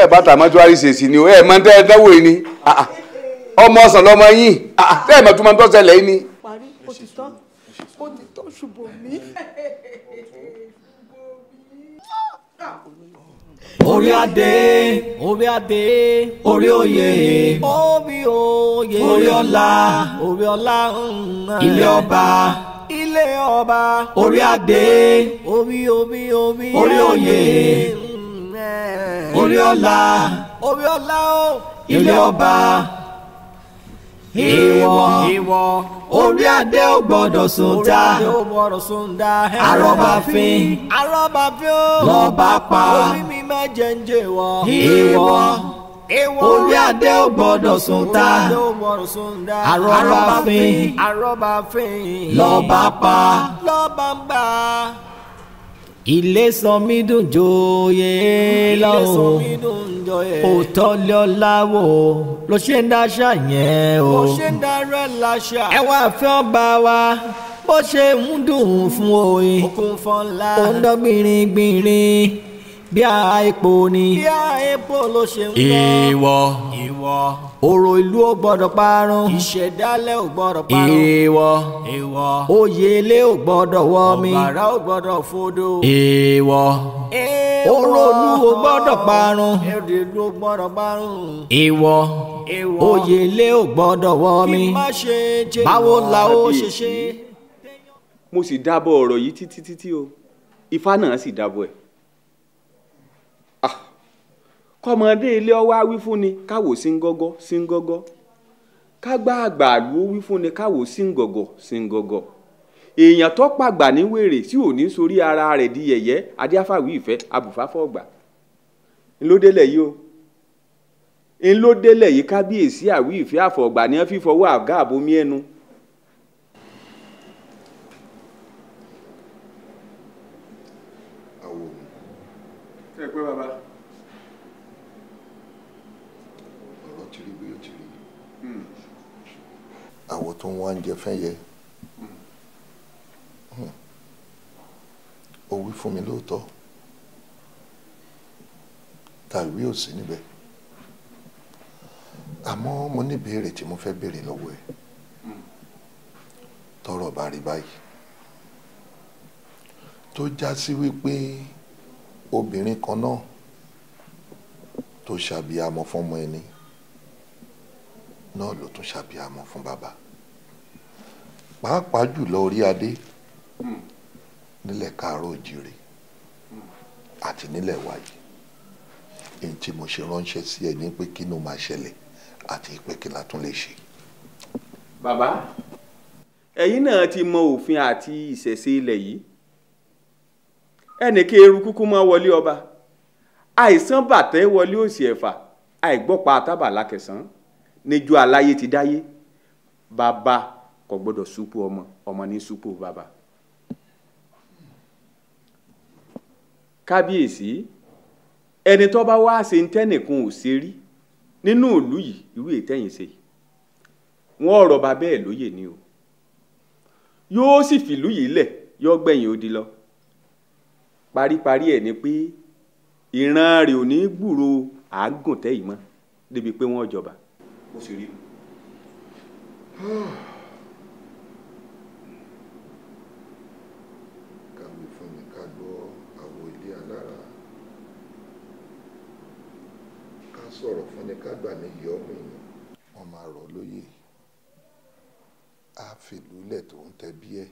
ẹ bá tà mọ́túárì ṣèṣì ni o ẹ mọ̀ tẹ́ yìí ni ah, ah. ọmọ ọ̀sán lọmọ yìí tẹ́ ẹ mọ̀ tó máa ń tọ́ yìí ni. parí o ti tán o ti tán ṣùgbọ́n mi. orí adé orí adé orí oyè orí oyè orí ọlá orí ọlá mm, ilé ọba ilé ọba orí adé orí omi omi orí oyè mm-hmm. orí ọlá orí ọlá o ilé ọba ìwọ orí adé ò gbọ́dọ̀ sùn dá arọ́bàfin arọ́bàfin ó lọ́ọ́ bá pa ìwọ orí adé ò gbọ́dọ̀ sùn ta àrọ́bà fín lọ́ba pa ilé sọmí dùn jòyè lọ́hùn òótọ́ lọ́láwò ló ṣe ń dáṣà yẹn o ẹ wá fẹ́ ọba wa bó ṣe ń dùn fún òye òun gbìnrin bí a epo ni. bí a epo ló ṣe ń lọ. ìwọ. ìwọ. ọ̀rọ̀ ìlú ò gbọ́dọ̀ parun. ìṣẹ̀dálẹ̀ ò gbọ́dọ̀ parun. ìwọ. ìwọ. oyè ilé ò gbọ́dọ̀ wọ́ mi. ọ̀bàrà ò gbọ́dọ̀ fodò. ìwọ. ọ̀rọ̀ ìlú ò gbọ́dọ̀ parun. èrè ìlú ò gbọ́dọ̀ parun. ìwọ. ìwọ. ilé ò gbọ́dọ̀ wọ́ mi. báwo la ó ṣe ṣe. mo sì dábọ̀ ọ̀rọ̀ yìí títí títí o ifá náà sì dábọ̀ ẹ̀. kọmọdé ilé ọwá wí káwò sí ń sí ń kágbá àgbà ló káwò sí ń sí ń èèyàn tó pàgbà ní wèrè tí ò ní sórí ara rẹ̀ di yẹ̀yẹ́ adíáfàwí ìfẹ́ o ńlọdẹ́lẹ̀ yìí kábíyèsí àwí ni fi àgá àbomi àwọ̀ tó ń wá ń jẹ fẹ́yẹ hmm. ó wí fún mi lóòótọ́ tàbí ò sí níbẹ̀ àmọ́ mo ní ìbéèrè tí mo fẹ́ béèrè lọ́wọ́ ẹ̀ tọrọ bá rí báyìí tó já sí wípé obìnrin kan náà tó ṣàbíamọ fọmọ ẹni náà ló tún ṣàbíamọ fún bàbá pàápàá jùlọ orí adé hmm. nílẹ̀ káàárọ̀ òjìrè hmm. àti nílẹ̀ wáyé èyí tí mo ṣe ránṣẹ́ sí ẹ ní pé kí ló máa ṣẹlẹ̀ àti pé kí la tún lè ṣe. bàbá ẹ̀yin náà ti mọ òfin àti ìṣẹ̀ṣe ilẹ̀ yìí ẹnì kí eru kúkú máa wọlé ọba àìsàn bàtẹ́ wọlé òsì ẹ̀fà àìgbọ́pa tábàlà kẹsàn-án níjọ́ aláyé ti dáyé bàbá kò gbọ́dọ̀ súpò ọmọ ọmọ ní súpò bàbá. kábíyèsí ẹni tó bá wá ṣe ń tẹ́nìkan ò ṣe rí nínú ìlú yìí irú ètẹ́yìn ṣe wọ́n ọ̀rọ̀ bàbá ẹ̀ lóye ni o yóò sì fìlú yìí lẹ̀ yóò gbẹ̀yìn odi lọ paríparí ẹ̀ ni pé ìran rẹ̀ ò ní gbúròó àágùntẹ́ yìí mọ́ débi pé wọ́n jọba bó ṣe rí kàwé fún mi ká gbọ́ àwọ̀ ilé alára ká sọ̀rọ̀ fún ni ká gbà ní yọ ọmọ èèyàn wọ́n máa rọ̀ lóye á fìlúlẹ̀ tó ń tẹ bí ẹ̀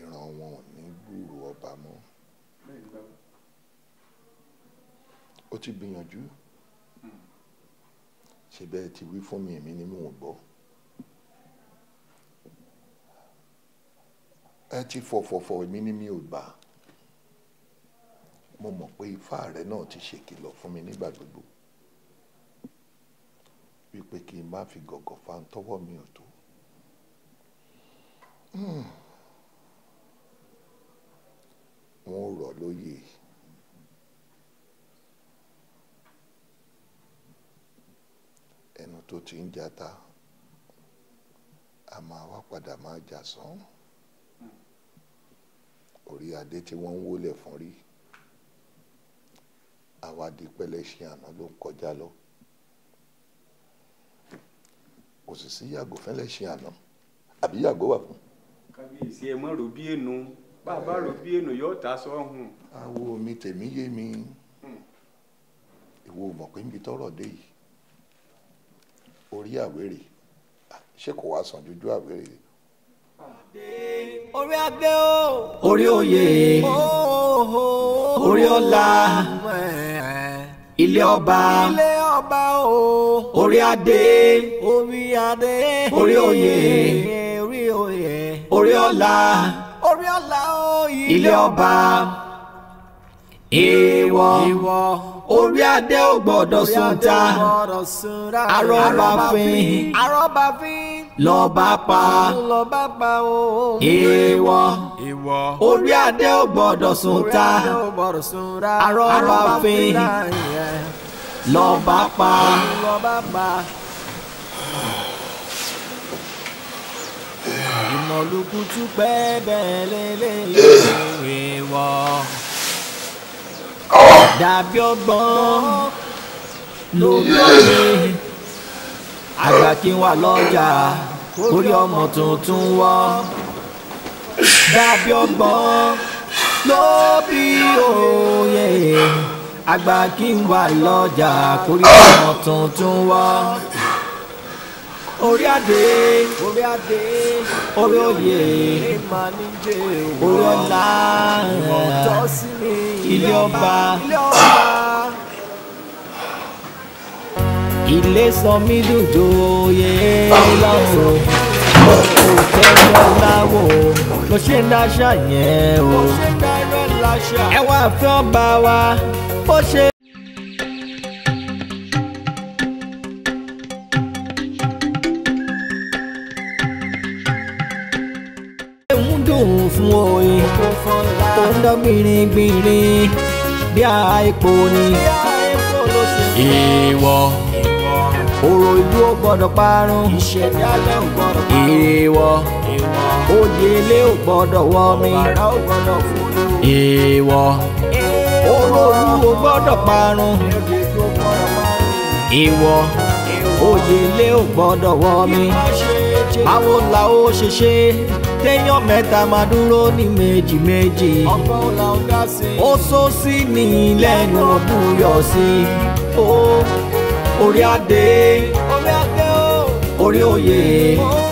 ìran wọn ò ní gbúròó ọba mọ́ ó ti gbìyànjú ṣe bẹ́ẹ̀ ti wí fún mi èmi ni mò ń gbọ́. ẹ ti fọ̀fọ̀fọ̀ èmi ni mi ò gbà mo mọ̀ pé ifá rẹ náà ti ṣèkìlọ̀ fún mi nígbà gbogbo wípé kí n má fi gọ̀gọ̀ fa tọwọ́ mi ò tó. wọ́n hmm. rọ̀ lóye ẹnu tó ti ń jata a máa wá padà máa jà sán orí adé tí wọ́n ń wólẹ̀ fún rí àwa di pẹ̀lẹ́ṣẹ̀ àná ló ń kọjá lọ kò sì sí yàgò fẹ́lẹ́ṣẹ̀ àná àbí yàgò wà fún. kábíyèsí ẹ mọ̀ rò bí ènù bàbá rò bí ènù yóò ta sọ́hùn. àwo mi tèmi yé mi ìwo mọ̀ pé níbi tọ́rọ̀ dé yìí orí àwérè ṣé kò wá sàn jújú àwérè. orí adé o. orí oyè orí ọlá ilé ọba ilé ọba o. orí adé orí adé orí oyè orí oyè orí ọlá orí ọlá o ilé ọba èèwọ̀ orí adé ò gbọ́dọ̀ sùn ta arọ́bà fín lọ́ba pa èèwọ̀ orí adé ò gbọ́dọ̀ sùn ta arọ́bà fín lọ́ba pa. ìmọ̀lùkù tún pẹ́ bẹ́ẹ̀ lélẹ́yìn èèwọ̀ dàbí ọgbọ́n ló lọ́ọ̀rẹ́ àgbà kí n wà lọ́jà orí ọmọ tuntun wọ́ dàbí ọgbọ́n ló bí òye àgbà kí n wà lọ́jà orí ọmọ tuntun wọ́ orí adé orí adé orí oyè orí ọlá ilé ọba ilé sọmí dùdú oyè lọ́wọ́ òkèèyàn láwò ló ṣe ń dáṣà yẹn o ẹ wá fẹ́ ọba wa bó ṣe. lọ́dọ̀ gbìrìngbìrì bí a epo ni. ìwọ oró ìlú ò gbọ́dọ̀ parun. ìṣẹ̀dí alẹ́ ò gbọ́dọ̀ parun. ìwọ òye ilé ò gbọ́dọ̀ wọ mi. ọ̀rá ò gbọ́dọ̀ fún mi. ìwọ oró ìlú ò gbọ́dọ̀ parun. ìwọ òye ilé ò gbọ́dọ̀ wọ mi. báwo la ó ṣe ṣe téèyàn mẹ́ta máa dúró ní méjì méjì ó sọ sí ní lẹ́nu ọdún yọ sí ó orí adé orí oyè. Oh.